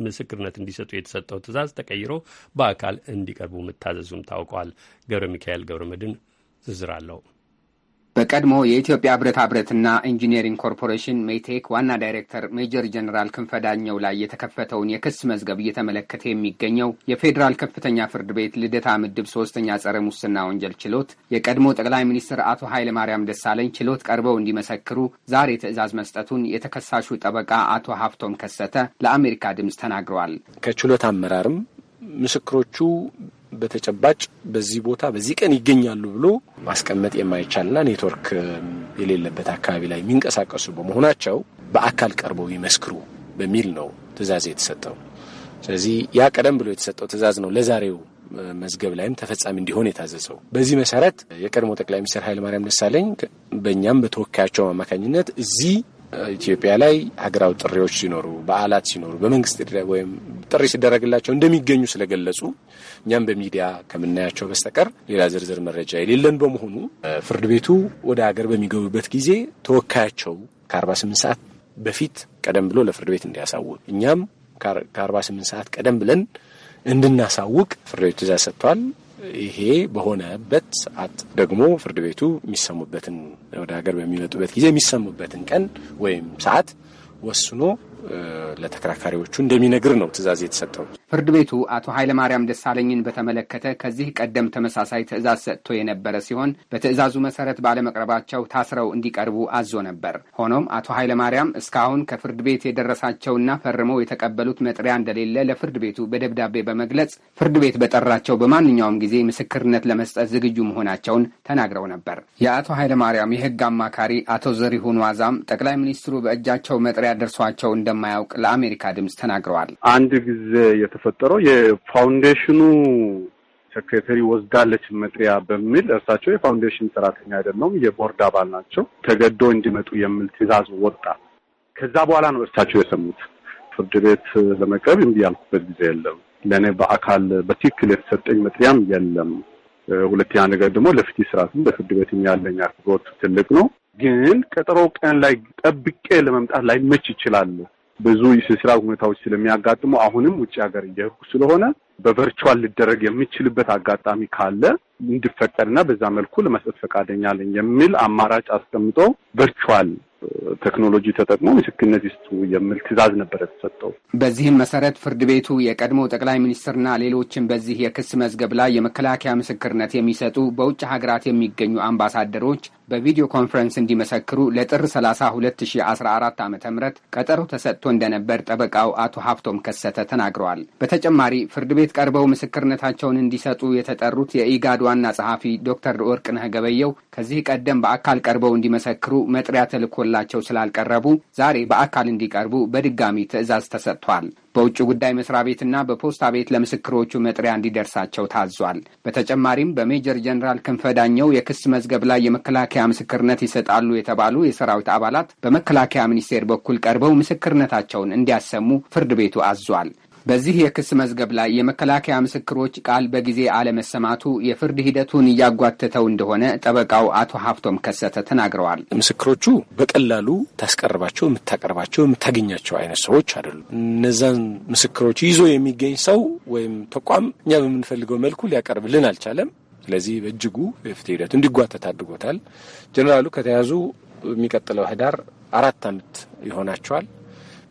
ምስክርነት እንዲሰጡ የተሰጠው ትዕዛዝ ተቀይሮ በአካል እንዲቀርቡ መታዘዙም ታውቋል። ገብረ ሚካኤል ገብረ መድን ዝርዝር አለው። በቀድሞ የኢትዮጵያ ብረታ ብረትና ኢንጂነሪንግ ኮርፖሬሽን ሜቴክ ዋና ዳይሬክተር ሜጀር ጀነራል ክንፈዳኘው ላይ የተከፈተውን የክስ መዝገብ እየተመለከተ የሚገኘው የፌዴራል ከፍተኛ ፍርድ ቤት ልደታ ምድብ ሶስተኛ ጸረ ሙስና ወንጀል ችሎት የቀድሞ ጠቅላይ ሚኒስትር አቶ ኃይለማርያም ደሳለኝ ችሎት ቀርበው እንዲመሰክሩ ዛሬ ትዕዛዝ መስጠቱን የተከሳሹ ጠበቃ አቶ ሀፍቶም ከሰተ ለአሜሪካ ድምፅ ተናግረዋል። ከችሎት አመራርም ምስክሮቹ በተጨባጭ በዚህ ቦታ በዚህ ቀን ይገኛሉ ብሎ ማስቀመጥ የማይቻልና ኔትወርክ የሌለበት አካባቢ ላይ የሚንቀሳቀሱ በመሆናቸው በአካል ቀርበው ይመስክሩ በሚል ነው ትዕዛዝ የተሰጠው። ስለዚህ ያ ቀደም ብሎ የተሰጠው ትእዛዝ ነው ለዛሬው መዝገብ ላይም ተፈጻሚ እንዲሆን የታዘዘው። በዚህ መሰረት የቀድሞ ጠቅላይ ሚኒስትር ኃይለማርያም ደሳለኝ በእኛም በተወካያቸው አማካኝነት እዚህ ኢትዮጵያ ላይ ሀገራዊ ጥሪዎች ሲኖሩ፣ በዓላት ሲኖሩ፣ በመንግስት ወይም ጥሪ ሲደረግላቸው እንደሚገኙ ስለገለጹ እኛም በሚዲያ ከምናያቸው በስተቀር ሌላ ዝርዝር መረጃ የሌለን በመሆኑ ፍርድ ቤቱ ወደ ሀገር በሚገቡበት ጊዜ ተወካያቸው ከ48 ሰዓት በፊት ቀደም ብሎ ለፍርድ ቤት እንዲያሳውቅ እኛም ከ48 ሰዓት ቀደም ብለን እንድናሳውቅ ፍርድ ቤቱ ትእዛዝ ሰጥቷል። ይሄ በሆነበት ሰዓት ደግሞ ፍርድ ቤቱ የሚሰሙበትን ወደ ሀገር በሚመጡበት ጊዜ የሚሰሙበትን ቀን ወይም ሰዓት ወስኖ ለተከራካሪዎቹ እንደሚነግር ነው ትእዛዝ የተሰጠው። ፍርድ ቤቱ አቶ ኃይለማርያም ደሳለኝን በተመለከተ ከዚህ ቀደም ተመሳሳይ ትዕዛዝ ሰጥቶ የነበረ ሲሆን በትዕዛዙ መሰረት ባለመቅረባቸው ታስረው እንዲቀርቡ አዞ ነበር። ሆኖም አቶ ኃይለማርያም እስካሁን ከፍርድ ቤት የደረሳቸውና ፈርመው የተቀበሉት መጥሪያ እንደሌለ ለፍርድ ቤቱ በደብዳቤ በመግለጽ ፍርድ ቤት በጠራቸው በማንኛውም ጊዜ ምስክርነት ለመስጠት ዝግጁ መሆናቸውን ተናግረው ነበር። የአቶ ኃይለማርያም የህግ አማካሪ አቶ ዘሪሁን ዋዛም ጠቅላይ ሚኒስትሩ በእጃቸው መጥሪያ ደርሷቸው እንደ እንደማያውቅ ለአሜሪካ ድምፅ ተናግረዋል። አንድ ጊዜ የተፈጠረው የፋውንዴሽኑ ሴክሬተሪ ወስዳለች መጥሪያ በሚል እርሳቸው የፋውንዴሽን ሰራተኛ አይደለም፣ የቦርድ አባል ናቸው፣ ተገዶ እንዲመጡ የሚል ትዕዛዝ ወጣ። ከዛ በኋላ ነው እርሳቸው የሰሙት። ፍርድ ቤት ለመቅረብ እምቢ ያልኩበት ጊዜ የለም። ለእኔ በአካል በትክክል የተሰጠኝ መጥሪያም የለም። ሁለተኛ ነገር ደግሞ ለፍትህ ስርዓትም በፍርድ ቤትም ያለኝ አክብሮት ትልቅ ነው። ግን ቀጠሮ ቀን ላይ ጠብቄ ለመምጣት ላይመች ይችላል። ብዙ የስራ ሁኔታዎች ስለሚያጋጥሙ አሁንም ውጭ ሀገር እየሄድኩ ስለሆነ በቨርቹዋል ልደረግ የሚችልበት አጋጣሚ ካለ እንዲፈቀድና በዛ መልኩ ለመስጠት ፈቃደኛ የሚል አማራጭ አስቀምጦ ቨርቹዋል ቴክኖሎጂ ተጠቅሞ ምስክርነት ይስጡ የሚል ትዕዛዝ ነበር የተሰጠው። በዚህም መሰረት ፍርድ ቤቱ የቀድሞ ጠቅላይ ሚኒስትርና ሌሎችን በዚህ የክስ መዝገብ ላይ የመከላከያ ምስክርነት የሚሰጡ በውጭ ሀገራት የሚገኙ አምባሳደሮች በቪዲዮ ኮንፈረንስ እንዲመሰክሩ ለጥር 30 2014 ዓ ም ቀጠሮ ተሰጥቶ እንደነበር ጠበቃው አቶ ሀብቶም ከሰተ ተናግረዋል። በተጨማሪ ፍርድ ቤት ቀርበው ምስክርነታቸውን እንዲሰጡ የተጠሩት የኢጋድ ዋና ጸሐፊ ዶክተር ወርቅነህ ገበየው ከዚህ ቀደም በአካል ቀርበው እንዲመሰክሩ መጥሪያ ተልኮላቸው ስላልቀረቡ ዛሬ በአካል እንዲቀርቡ በድጋሚ ትዕዛዝ ተሰጥቷል። በውጭ ጉዳይ መስሪያ ቤትና በፖስታ ቤት ለምስክሮቹ መጥሪያ እንዲደርሳቸው ታዟል። በተጨማሪም በሜጀር ጀኔራል ክንፈ ዳኘው የክስ መዝገብ ላይ የመከላከያ ምስክርነት ይሰጣሉ የተባሉ የሰራዊት አባላት በመከላከያ ሚኒስቴር በኩል ቀርበው ምስክርነታቸውን እንዲያሰሙ ፍርድ ቤቱ አዟል። በዚህ የክስ መዝገብ ላይ የመከላከያ ምስክሮች ቃል በጊዜ አለመሰማቱ የፍርድ ሂደቱን እያጓተተው እንደሆነ ጠበቃው አቶ ሀብቶም ከሰተ ተናግረዋል። ምስክሮቹ በቀላሉ ታስቀርባቸው የምታቀርባቸው የምታገኛቸው አይነት ሰዎች አይደሉም። እነዛን ምስክሮች ይዞ የሚገኝ ሰው ወይም ተቋም እኛ በምንፈልገው መልኩ ሊያቀርብልን አልቻለም። ስለዚህ በእጅጉ የፍትህ ሂደቱ እንዲጓተት አድርጎታል። ጀኔራሉ ከተያዙ የሚቀጥለው ህዳር አራት ዓመት ይሆናቸዋል።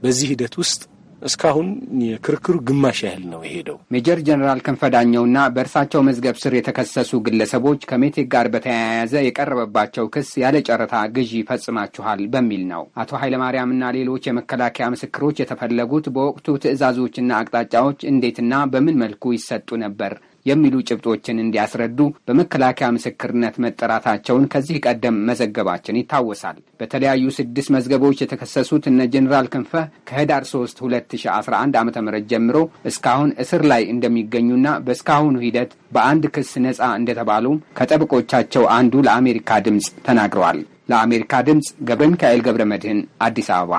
በዚህ ሂደት ውስጥ እስካሁን የክርክሩ ግማሽ ያህል ነው የሄደው። ሜጀር ጀኔራል ክንፈዳኘውና በእርሳቸው መዝገብ ስር የተከሰሱ ግለሰቦች ከሜቴክ ጋር በተያያዘ የቀረበባቸው ክስ ያለ ጨረታ ግዢ ፈጽማችኋል በሚል ነው። አቶ ኃይለማርያምና ሌሎች የመከላከያ ምስክሮች የተፈለጉት በወቅቱ ትዕዛዞችና አቅጣጫዎች እንዴትና በምን መልኩ ይሰጡ ነበር? የሚሉ ጭብጦችን እንዲያስረዱ በመከላከያ ምስክርነት መጠራታቸውን ከዚህ ቀደም መዘገባችን ይታወሳል። በተለያዩ ስድስት መዝገቦች የተከሰሱት እነ ጀኔራል ክንፈ ከህዳር 3 2011 ዓ ም ጀምሮ እስካሁን እስር ላይ እንደሚገኙና በእስካሁኑ ሂደት በአንድ ክስ ነፃ እንደተባሉ ከጠብቆቻቸው አንዱ ለአሜሪካ ድምፅ ተናግረዋል። ለአሜሪካ ድምፅ ገብረ ሚካኤል ገብረ መድህን አዲስ አበባ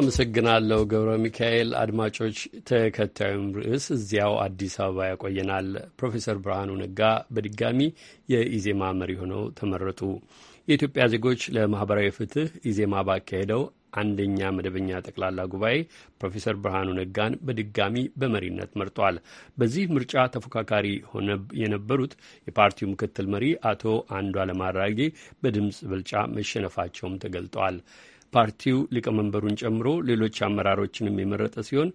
አመሰግናለሁ ገብረ ሚካኤል። አድማጮች ተከታዩም ርዕስ እዚያው አዲስ አበባ ያቆየናል። ፕሮፌሰር ብርሃኑ ነጋ በድጋሚ የኢዜማ መሪ ሆነው ተመረጡ። የኢትዮጵያ ዜጎች ለማህበራዊ ፍትህ ኢዜማ ባካሄደው አንደኛ መደበኛ ጠቅላላ ጉባኤ ፕሮፌሰር ብርሃኑ ነጋን በድጋሚ በመሪነት መርጧል። በዚህ ምርጫ ተፎካካሪ የነበሩት የፓርቲው ምክትል መሪ አቶ አንዱዓለም አራጌ በድምፅ ብልጫ መሸነፋቸውም ተገልጠዋል። ፓርቲው ሊቀመንበሩን ጨምሮ ሌሎች አመራሮችንም የመረጠ ሲሆን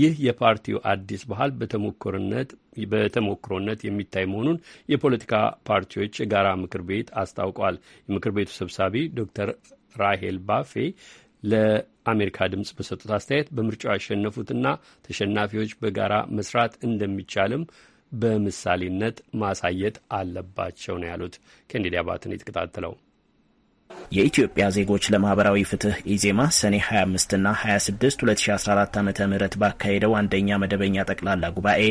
ይህ የፓርቲው አዲስ ባህል በተሞክሮነት የሚታይ መሆኑን የፖለቲካ ፓርቲዎች የጋራ ምክር ቤት አስታውቋል። የምክር ቤቱ ሰብሳቢ ዶክተር ራሄል ባፌ ለአሜሪካ ድምፅ በሰጡት አስተያየት በምርጫው ያሸነፉትና ተሸናፊዎች በጋራ መስራት እንደሚቻልም በምሳሌነት ማሳየት አለባቸው ነው ያሉት። ኬኔዲ አባትን የተከታተለው የኢትዮጵያ ዜጎች ለማህበራዊ ፍትህ ኢዜማ ሰኔ 25ና 26 2014 ዓ ም ባካሄደው አንደኛ መደበኛ ጠቅላላ ጉባኤ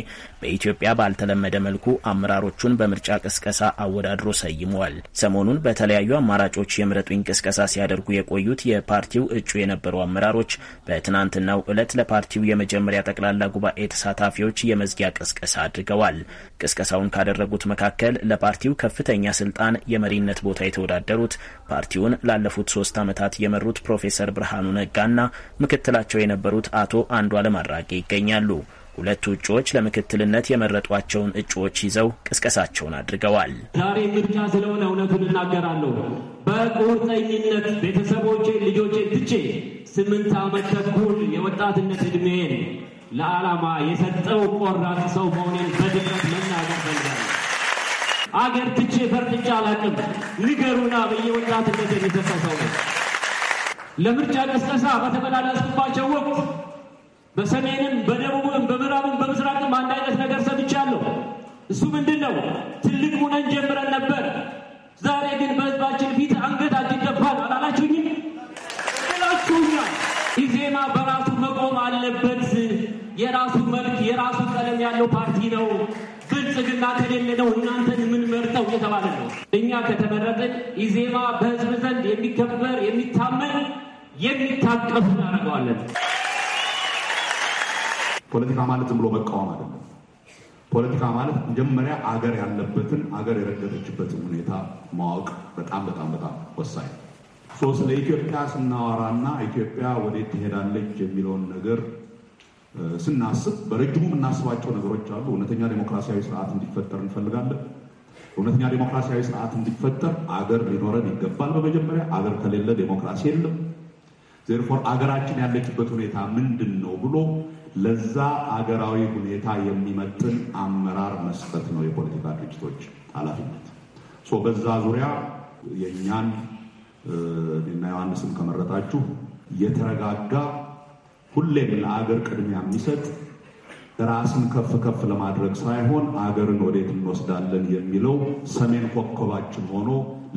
በኢትዮጵያ ባልተለመደ መልኩ አመራሮቹን በምርጫ ቅስቀሳ አወዳድሮ ሰይመዋል። ሰሞኑን በተለያዩ አማራጮች የምረጡኝ ቅስቀሳ ሲያደርጉ የቆዩት የፓርቲው እጩ የነበሩ አመራሮች በትናንትናው ዕለት ለፓርቲው የመጀመሪያ ጠቅላላ ጉባኤ ተሳታፊዎች የመዝጊያ ቅስቀሳ አድርገዋል። ቅስቀሳውን ካደረጉት መካከል ለፓርቲው ከፍተኛ ስልጣን የመሪነት ቦታ የተወዳደሩት ፓርቲውን ላለፉት ሶስት ዓመታት የመሩት ፕሮፌሰር ብርሃኑ ነጋና ምክትላቸው የነበሩት አቶ አንዷለም አራጌ ይገኛሉ። ሁለቱ እጩዎች ለምክትልነት የመረጧቸውን እጩዎች ይዘው ቅስቀሳቸውን አድርገዋል። ዛሬ ምርጫ ስለሆነ እውነቱን እናገራለሁ። በቁርጠኝነት ቤተሰቦቼ ልጆቼ ትቼ ስምንት ዓመት ተኩል የወጣትነት ዕድሜን ለዓላማ የሰጠው ቆራጥ ሰው መሆኔን በድቀት መናገር ፈልጋለሁ። አገር ትቼ ፈርጥጫ አላቅም። ንገሩና ብዬ ወጣትነት የተሳሰው ለምርጫ ቀስቀሳ በተመላለስኩባቸው ወቅት በሰሜንም በደቡብም በምዕራብም በምስራቅም አንድ አይነት ነገር ሰምቻለሁ። እሱ ምንድን ነው? ትልቅ ሆነን ጀምረን ነበር፣ ዛሬ ግን በህዝባችን ፊት አንገታችን ደፋን አላላችሁኝም? እላችሁኛል። ኢዜማ በራሱ መቆም አለበት። የራሱ መልክ የራሱ ቀለም ያለው ፓርቲ ነው። ብልጽግና ከሌለ ነው እናንተ መርተው እየተባለ ነው። እኛ ከተመረጥን ኢዜማ በህዝብ ዘንድ የሚከበር የሚታመን የሚታቀፍ እናደርገዋለን። ፖለቲካ ማለት ዝም ብሎ መቃወም አይደለም። ፖለቲካ ማለት መጀመሪያ አገር ያለበትን አገር የረገጠችበትን ሁኔታ ማወቅ በጣም በጣም በጣም ወሳኝ ነው። ሶስት ለኢትዮጵያ ስናወራና ኢትዮጵያ ወዴት ትሄዳለች የሚለውን ነገር ስናስብ በረጅሙ የምናስባቸው ነገሮች አሉ። እውነተኛ ዴሞክራሲያዊ ስርዓት እንዲፈጠር እንፈልጋለን። እውነተኛ ዴሞክራሲያዊ ስርዓት እንዲፈጠር አገር ሊኖረን ይገባል። በመጀመሪያ አገር ከሌለ ዴሞክራሲ የለም። ዜርፎር አገራችን ያለችበት ሁኔታ ምንድን ነው ብሎ ለዛ አገራዊ ሁኔታ የሚመጥን አመራር መስጠት ነው የፖለቲካ ድርጅቶች ኃላፊነት። በዛ ዙሪያ የእኛን እና ዮሐንስም ከመረጣችሁ የተረጋጋ ሁሌም ለአገር ቅድሚያ የሚሰጥ ራስን ከፍ ከፍ ለማድረግ ሳይሆን አገርን ወዴት እንወስዳለን የሚለው ሰሜን ኮከባችን ሆኖ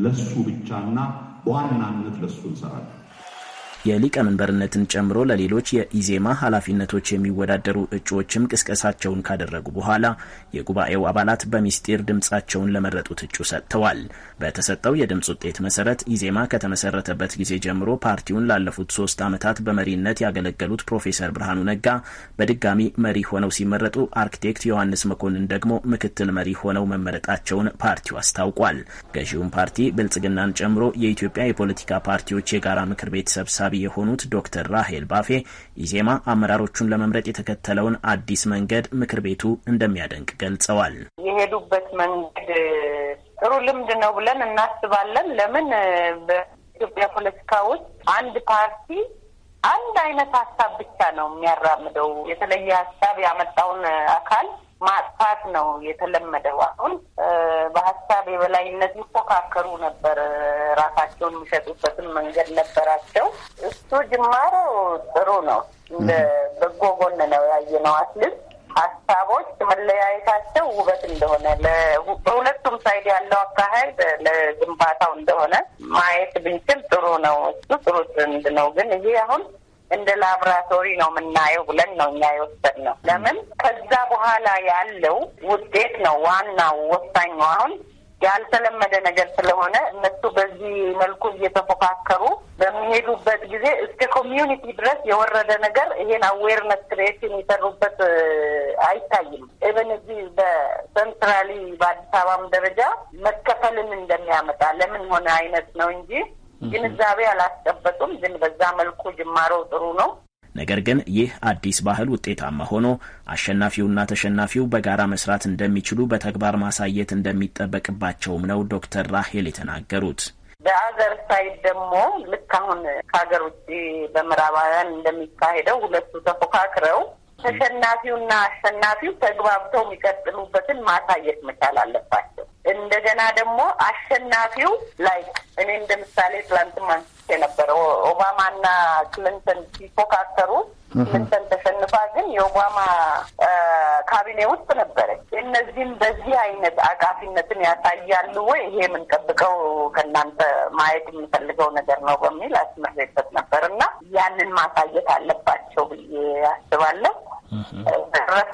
ለሱ ብቻና በዋናነት ለሱ እንሰራለን። የሊቀመንበርነትን ጨምሮ ለሌሎች የኢዜማ ኃላፊነቶች የሚወዳደሩ እጩዎችም ቅስቀሳቸውን ካደረጉ በኋላ የጉባኤው አባላት በሚስጢር ድምፃቸውን ለመረጡት እጩ ሰጥተዋል። በተሰጠው የድምፅ ውጤት መሰረት ኢዜማ ከተመሰረተበት ጊዜ ጀምሮ ፓርቲውን ላለፉት ሶስት ዓመታት በመሪነት ያገለገሉት ፕሮፌሰር ብርሃኑ ነጋ በድጋሚ መሪ ሆነው ሲመረጡ፣ አርኪቴክት ዮሐንስ መኮንን ደግሞ ምክትል መሪ ሆነው መመረጣቸውን ፓርቲው አስታውቋል። ገዢውን ፓርቲ ብልጽግናን ጨምሮ የኢትዮጵያ የፖለቲካ ፓርቲዎች የጋራ ምክር ቤት ሰብሳቢ ሰብሳቢ የሆኑት ዶክተር ራሄል ባፌ ኢዜማ አመራሮቹን ለመምረጥ የተከተለውን አዲስ መንገድ ምክር ቤቱ እንደሚያደንቅ ገልጸዋል። የሄዱበት መንገድ ጥሩ ልምድ ነው ብለን እናስባለን። ለምን በኢትዮጵያ ፖለቲካ ውስጥ አንድ ፓርቲ አንድ አይነት ሀሳብ ብቻ ነው የሚያራምደው። የተለየ ሀሳብ ያመጣውን አካል ማጥፋት ነው የተለመደው። አሁን በሀሳብ የበላይነት ይፎካከሩ ነበር። ራሳቸውን የሚሸጡበትን መንገድ ነበራቸው። እሱ ጅማሮ ጥሩ ነው፣ እንደ በጎ ጎን ነው ያየነው። አትልም ሀሳቦች መለያየታቸው ውበት እንደሆነ በሁለቱም ሳይድ ያለው አካሄድ ለግንባታው እንደሆነ ማየት ብንችል ጥሩ ነው። እሱ ጥሩ ትንድ ነው። ግን ይሄ አሁን እንደ ላብራቶሪ ነው የምናየው ብለን ነው እኛ ነው ለምን ከዛ በኋላ ያለው ውጤት ነው ዋናው ወሳኙ። አሁን ያልተለመደ ነገር ስለሆነ እነሱ በዚህ መልኩ እየተፎካከሩ በሚሄዱበት ጊዜ እስከ ኮሚዩኒቲ ድረስ የወረደ ነገር ይሄን አዌርነስ ክሬት የሚሰሩበት አይታይም። እብን እዚህ በሰንትራሊ በአዲስ አበባም ደረጃ መከፈልን እንደሚያመጣ ለምን ሆነ አይነት ነው እንጂ ግንዛቤ አላስጨበጡም። ግን በዛ መልኩ ጅማረው ጥሩ ነው። ነገር ግን ይህ አዲስ ባህል ውጤታማ ሆኖ አሸናፊውና ተሸናፊው በጋራ መስራት እንደሚችሉ በተግባር ማሳየት እንደሚጠበቅባቸውም ነው ዶክተር ራሄል የተናገሩት። በአዘር ሳይድ ደግሞ ልክ አሁን ከሀገር ውጭ በምዕራባውያን እንደሚካሄደው ሁለቱ ተፎካክረው ተሸናፊውና አሸናፊው ተግባብተው የሚቀጥሉበትን ማሳየት መቻል አለባቸው። እንደገና ደግሞ አሸናፊው ላይ እኔ እንደ ምሳሌ ትላንትም አንስቼ ነበረ። ኦባማና ክሊንተን ሲፎካከሩ ክሊንተን ተሸንፋ፣ ግን የኦባማ ካቢኔ ውስጥ ነበረች። እነዚህም በዚህ አይነት አቃፊነትን ያሳያሉ ወይ? ይሄ የምንጠብቀው ከእናንተ ማየት የምንፈልገው ነገር ነው በሚል አስመሬበት ነበር እና ያንን ማሳየት አለባቸው ብዬ አስባለሁ። በተረፈ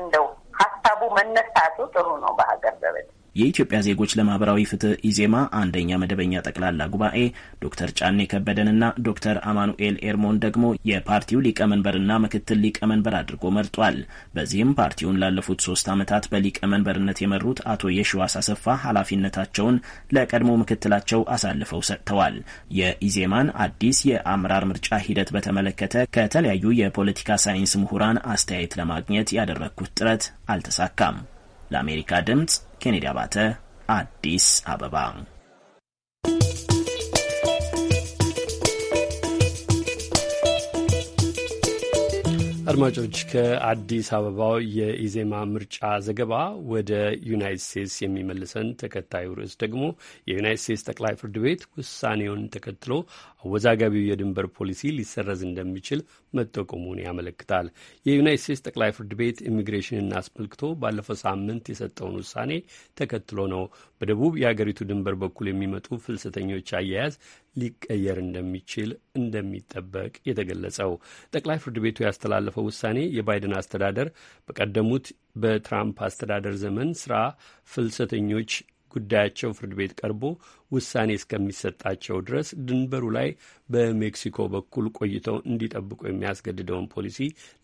እንደው ሀሳቡ መነሳቱ ጥሩ ነው በሀገር ደረጃ የኢትዮጵያ ዜጎች ለማህበራዊ ፍትህ ኢዜማ አንደኛ መደበኛ ጠቅላላ ጉባኤ ዶክተር ጫኔ ከበደንና ዶክተር አማኑኤል ኤርሞን ደግሞ የፓርቲው ሊቀመንበርና ምክትል ሊቀመንበር አድርጎ መርጧል። በዚህም ፓርቲውን ላለፉት ሶስት ዓመታት በሊቀመንበርነት የመሩት አቶ የሺዋስ አሰፋ ኃላፊነታቸውን ለቀድሞ ምክትላቸው አሳልፈው ሰጥተዋል። የኢዜማን አዲስ የአመራር ምርጫ ሂደት በተመለከተ ከተለያዩ የፖለቲካ ሳይንስ ምሁራን አስተያየት ለማግኘት ያደረግኩት ጥረት አልተሳካም። ለአሜሪካ ድምፅ ኬኔዲ አባተ አዲስ አበባ። አድማጮች ከአዲስ አበባው የኢዜማ ምርጫ ዘገባ ወደ ዩናይት ስቴትስ የሚመልሰን ተከታዩ ርዕስ ደግሞ የዩናይት ስቴትስ ጠቅላይ ፍርድ ቤት ውሳኔውን ተከትሎ አወዛጋቢው የድንበር ፖሊሲ ሊሰረዝ እንደሚችል መጠቆሙን ያመለክታል። የዩናይት ስቴትስ ጠቅላይ ፍርድ ቤት ኢሚግሬሽንን አስመልክቶ ባለፈው ሳምንት የሰጠውን ውሳኔ ተከትሎ ነው በደቡብ የአገሪቱ ድንበር በኩል የሚመጡ ፍልሰተኞች አያያዝ ሊቀየር እንደሚችል እንደሚጠበቅ የተገለጸው። ጠቅላይ ፍርድ ቤቱ ያስተላለፈው ውሳኔ የባይደን አስተዳደር በቀደሙት በትራምፕ አስተዳደር ዘመን ስራ ፍልሰተኞች ጉዳያቸው ፍርድ ቤት ቀርቦ ውሳኔ እስከሚሰጣቸው ድረስ ድንበሩ ላይ በሜክሲኮ በኩል ቆይተው እንዲጠብቁ የሚያስገድደውን ፖሊሲ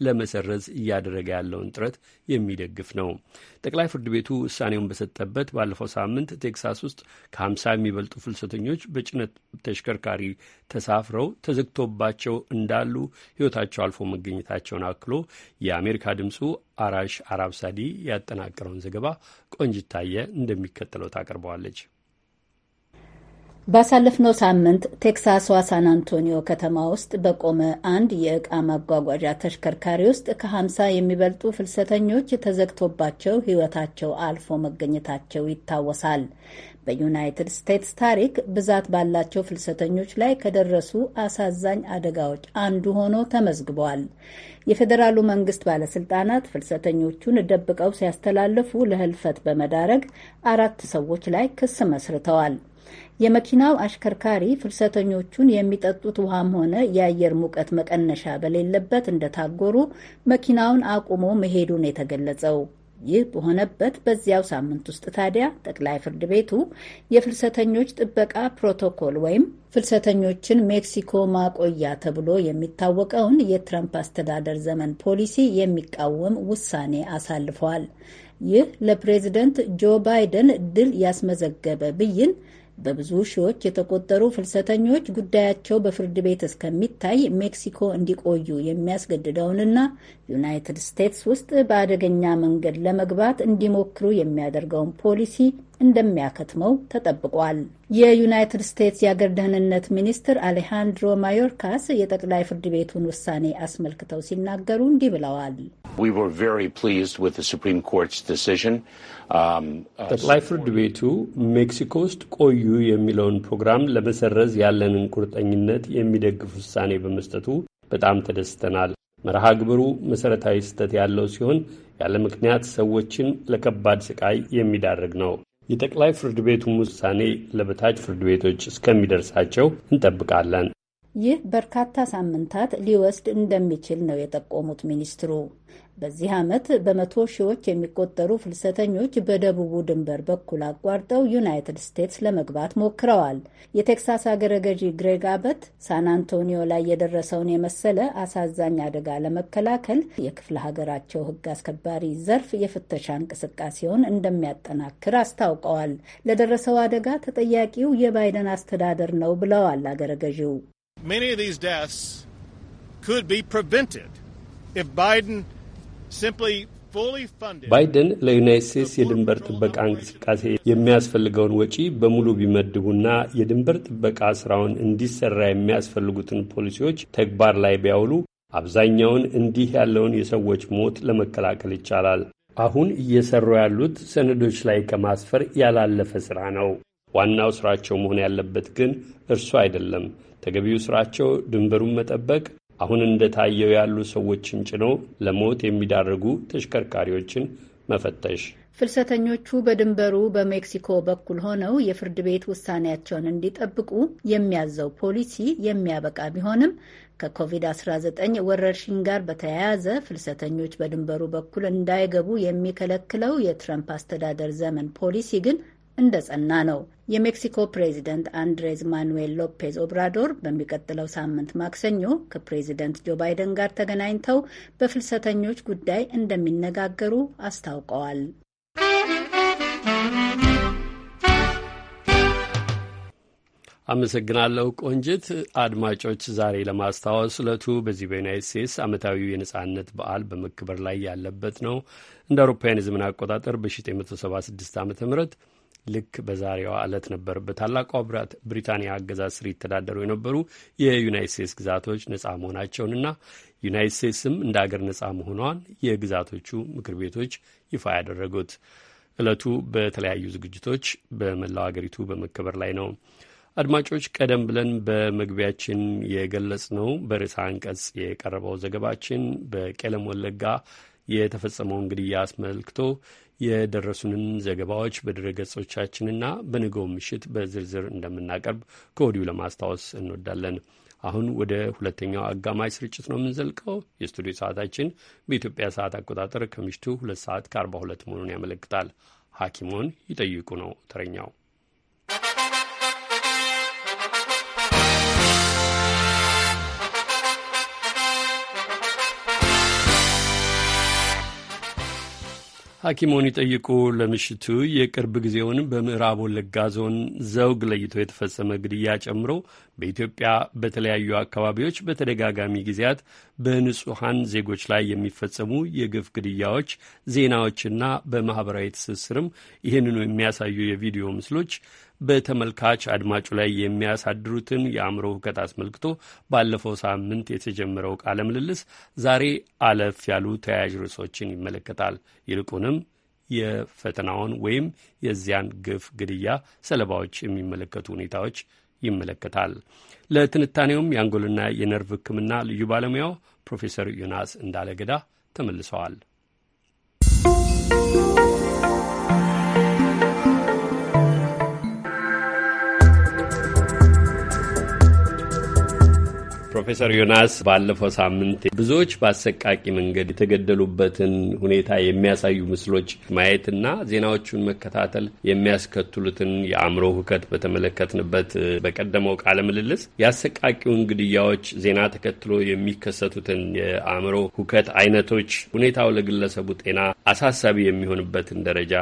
ለመሰረዝ እያደረገ ያለውን ጥረት የሚደግፍ ነው። ጠቅላይ ፍርድ ቤቱ ውሳኔውን በሰጠበት ባለፈው ሳምንት ቴክሳስ ውስጥ ከ የሚበልጡ ፍልሰተኞች በጭነት ተሽከርካሪ ተሳፍረው ተዘግቶባቸው እንዳሉ ሕይወታቸው አልፎ መገኘታቸውን አክሎ የአሜሪካ ድምፁ አራሽ አራብሳዲ ያጠናቀረውን ዘገባ ቆንጅታየ እንደሚከተለው ታቀርበዋለች። ባሳለፍነው ሳምንት ቴክሳስዋ ሳን አንቶኒዮ ከተማ ውስጥ በቆመ አንድ የእቃ ማጓጓዣ ተሽከርካሪ ውስጥ ከ50 የሚበልጡ ፍልሰተኞች ተዘግቶባቸው ሕይወታቸው አልፎ መገኘታቸው ይታወሳል። በዩናይትድ ስቴትስ ታሪክ ብዛት ባላቸው ፍልሰተኞች ላይ ከደረሱ አሳዛኝ አደጋዎች አንዱ ሆኖ ተመዝግቧል። የፌዴራሉ መንግስት ባለስልጣናት ፍልሰተኞቹን ደብቀው ሲያስተላልፉ ለህልፈት በመዳረግ አራት ሰዎች ላይ ክስ መስርተዋል። የመኪናው አሽከርካሪ ፍልሰተኞቹን የሚጠጡት ውሃም ሆነ የአየር ሙቀት መቀነሻ በሌለበት እንደታጎሩ መኪናውን አቁሞ መሄዱን የተገለጸው። ይህ በሆነበት በዚያው ሳምንት ውስጥ ታዲያ ጠቅላይ ፍርድ ቤቱ የፍልሰተኞች ጥበቃ ፕሮቶኮል ወይም ፍልሰተኞችን ሜክሲኮ ማቆያ ተብሎ የሚታወቀውን የትራምፕ አስተዳደር ዘመን ፖሊሲ የሚቃወም ውሳኔ አሳልፈዋል። ይህ ለፕሬዝደንት ጆ ባይደን ድል ያስመዘገበ ብይን በብዙ ሺዎች የተቆጠሩ ፍልሰተኞች ጉዳያቸው በፍርድ ቤት እስከሚታይ ሜክሲኮ እንዲቆዩ የሚያስገድደውንና ዩናይትድ ስቴትስ ውስጥ በአደገኛ መንገድ ለመግባት እንዲሞክሩ የሚያደርገውን ፖሊሲ እንደሚያከትመው ተጠብቋል። የዩናይትድ ስቴትስ የአገር ደህንነት ሚኒስትር አሌሃንድሮ ማዮርካስ የጠቅላይ ፍርድ ቤቱን ውሳኔ አስመልክተው ሲናገሩ እንዲህ ብለዋል። um, uh, ጠቅላይ ፍርድ ቤቱ ሜክሲኮ ውስጥ ቆዩ የሚለውን ፕሮግራም ለመሰረዝ ያለንን ቁርጠኝነት የሚደግፍ ውሳኔ በመስጠቱ በጣም ተደስተናል። መርሃ ግብሩ መሠረታዊ ስህተት ያለው ሲሆን ያለ ምክንያት ሰዎችን ለከባድ ስቃይ የሚዳርግ ነው። የጠቅላይ ፍርድ ቤቱን ውሳኔ ለበታች ፍርድ ቤቶች እስከሚደርሳቸው እንጠብቃለን። ይህ በርካታ ሳምንታት ሊወስድ እንደሚችል ነው የጠቆሙት ሚኒስትሩ። በዚህ ዓመት በመቶ ሺዎች የሚቆጠሩ ፍልሰተኞች በደቡቡ ድንበር በኩል አቋርጠው ዩናይትድ ስቴትስ ለመግባት ሞክረዋል። የቴክሳስ አገረ ገዢ ግሬግ አበት ሳን አንቶኒዮ ላይ የደረሰውን የመሰለ አሳዛኝ አደጋ ለመከላከል የክፍለ ሀገራቸው ሕግ አስከባሪ ዘርፍ የፍተሻ እንቅስቃሴውን እንደሚያጠናክር አስታውቀዋል። ለደረሰው አደጋ ተጠያቂው የባይደን አስተዳደር ነው ብለዋል አገረ ገዢው። ባይደን ለዩናይት ስቴትስ የድንበር ጥበቃ እንቅስቃሴ የሚያስፈልገውን ወጪ በሙሉ ቢመድቡና የድንበር ጥበቃ ስራውን እንዲሰራ የሚያስፈልጉትን ፖሊሲዎች ተግባር ላይ ቢያውሉ አብዛኛውን እንዲህ ያለውን የሰዎች ሞት ለመከላከል ይቻላል። አሁን እየሰሩ ያሉት ሰነዶች ላይ ከማስፈር ያላለፈ ስራ ነው። ዋናው ስራቸው መሆን ያለበት ግን እርሱ አይደለም። ተገቢው ስራቸው ድንበሩን መጠበቅ፣ አሁን እንደታየው ያሉ ሰዎችን ጭኖ ለሞት የሚዳርጉ ተሽከርካሪዎችን መፈተሽ፣ ፍልሰተኞቹ በድንበሩ በሜክሲኮ በኩል ሆነው የፍርድ ቤት ውሳኔያቸውን እንዲጠብቁ የሚያዘው ፖሊሲ የሚያበቃ ቢሆንም ከኮቪድ-19 ወረርሽኝ ጋር በተያያዘ ፍልሰተኞች በድንበሩ በኩል እንዳይገቡ የሚከለክለው የትረምፕ አስተዳደር ዘመን ፖሊሲ ግን እንደጸና ነው። የሜክሲኮ ፕሬዚደንት አንድሬዝ ማኑዌል ሎፔዝ ኦብራዶር በሚቀጥለው ሳምንት ማክሰኞ ከፕሬዚደንት ጆ ባይደን ጋር ተገናኝተው በፍልሰተኞች ጉዳይ እንደሚነጋገሩ አስታውቀዋል። አመሰግናለሁ ቆንጅት። አድማጮች ዛሬ ለማስታወስ እለቱ በዚህ በዩናይት ስቴትስ ዓመታዊው የነጻነት በዓል በመከበር ላይ ያለበት ነው። እንደ አውሮፓውያን የዘመን አቆጣጠር በ1976 ዓ ም ልክ በዛሬዋ ዕለት ነበር በታላቋ ብሪታንያ አገዛዝ ስር ይተዳደሩ የነበሩ የዩናይት ስቴትስ ግዛቶች ነጻ መሆናቸውንና ዩናይት ስቴትስም እንደ አገር ነጻ መሆኗን የግዛቶቹ ምክር ቤቶች ይፋ ያደረጉት። ዕለቱ በተለያዩ ዝግጅቶች በመላው አገሪቱ በመከበር ላይ ነው። አድማጮች፣ ቀደም ብለን በመግቢያችን የገለጽ ነው በርዕሰ አንቀጽ የቀረበው ዘገባችን በቄለም ወለጋ የተፈጸመውን ግድያ አስመልክቶ የደረሱንን ዘገባዎች በድረገጾቻችንና በንገው ምሽት በዝርዝር እንደምናቀርብ ከወዲሁ ለማስታወስ እንወዳለን። አሁን ወደ ሁለተኛው አጋማሽ ስርጭት ነው የምንዘልቀው። የስቱዲዮ ሰዓታችን በኢትዮጵያ ሰዓት አቆጣጠር ከምሽቱ ሁለት ሰዓት ከአርባ ሁለት መሆኑን ያመለክታል። ሐኪሞን ይጠይቁ ነው ተረኛው። ሐኪሙን ይጠይቁ ለምሽቱ የቅርብ ጊዜውን በምዕራብ ወለጋ ዞን ዘውግ ለይቶ የተፈጸመ ግድያ ጨምሮ በኢትዮጵያ በተለያዩ አካባቢዎች በተደጋጋሚ ጊዜያት በንጹሐን ዜጎች ላይ የሚፈጸሙ የግፍ ግድያዎች ዜናዎችና በማኅበራዊ ትስስርም ይህንኑ የሚያሳዩ የቪዲዮ ምስሎች በተመልካች አድማጩ ላይ የሚያሳድሩትን የአእምሮ ሁከት አስመልክቶ ባለፈው ሳምንት የተጀመረው ቃለ ምልልስ ዛሬ አለፍ ያሉ ተያያዥ ርዕሶችን ይመለከታል። ይልቁንም የፈተናውን ወይም የዚያን ግፍ፣ ግድያ ሰለባዎች የሚመለከቱ ሁኔታዎች ይመለከታል። ለትንታኔውም የአንጎልና የነርቭ ሕክምና ልዩ ባለሙያው ፕሮፌሰር ዮናስ እንዳለገዳ ተመልሰዋል። ፕሮፌሰር ዮናስ ባለፈው ሳምንት ብዙዎች በአሰቃቂ መንገድ የተገደሉበትን ሁኔታ የሚያሳዩ ምስሎች ማየትና ዜናዎቹን መከታተል የሚያስከትሉትን የአእምሮ ሁከት በተመለከትንበት በቀደመው ቃለ ምልልስ የአሰቃቂውን ግድያዎች ዜና ተከትሎ የሚከሰቱትን የአእምሮ ሁከት አይነቶች፣ ሁኔታው ለግለሰቡ ጤና አሳሳቢ የሚሆንበትን ደረጃ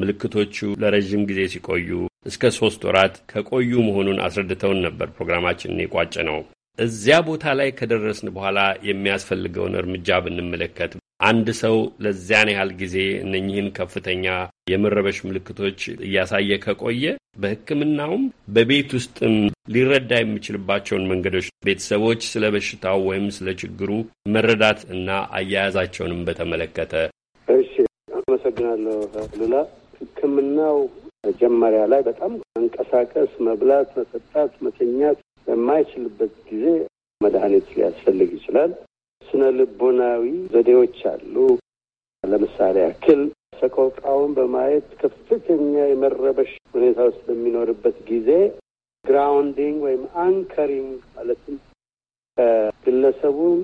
ምልክቶቹ ለረዥም ጊዜ ሲቆዩ እስከ ሶስት ወራት ከቆዩ መሆኑን አስረድተውን ነበር። ፕሮግራማችንን የቋጨ ነው። እዚያ ቦታ ላይ ከደረስን በኋላ የሚያስፈልገውን እርምጃ ብንመለከት አንድ ሰው ለዚያን ያህል ጊዜ እነኚህን ከፍተኛ የመረበሽ ምልክቶች እያሳየ ከቆየ በሕክምናውም በቤት ውስጥም ሊረዳ የሚችልባቸውን መንገዶች ቤተሰቦች ስለ በሽታው ወይም ስለ ችግሩ መረዳት እና አያያዛቸውንም በተመለከተ። እሺ፣ አመሰግናለሁ ሉላ። ሕክምናው መጀመሪያ ላይ በጣም መንቀሳቀስ፣ መብላት፣ መጠጣት፣ መተኛት በማይችልበት ጊዜ መድኃኒት ሊያስፈልግ ይችላል። ስነ ልቦናዊ ዘዴዎች አሉ። ለምሳሌ ያክል ሰቆቃውን በማየት ከፍተኛ የመረበሽ ሁኔታ ውስጥ በሚኖርበት ጊዜ ግራውንዲንግ ወይም አንከሪንግ ማለትም ከግለሰቡን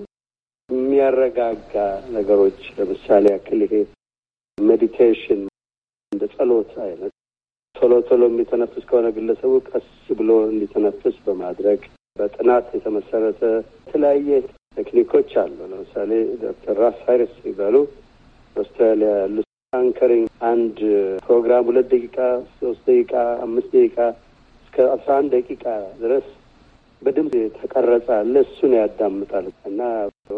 የሚያረጋጋ ነገሮች ለምሳሌ ያክል ይሄ ሜዲቴሽን እንደ ጸሎት አይነት ቶሎ ቶሎ የሚተነፍስ ከሆነ ግለሰቡ ቀስ ብሎ እንዲተነፍስ በማድረግ በጥናት የተመሰረተ የተለያየ ቴክኒኮች አሉ። ለምሳሌ ዶክተር ራስ ሃይረስ ሲባሉ በአውስትራሊያ ያሉ አንከሪንግ አንድ ፕሮግራም ሁለት ደቂቃ፣ ሶስት ደቂቃ፣ አምስት ደቂቃ እስከ አስራ አንድ ደቂቃ ድረስ በድምፅ የተቀረጸ አለ። እሱን ያዳምጣል እና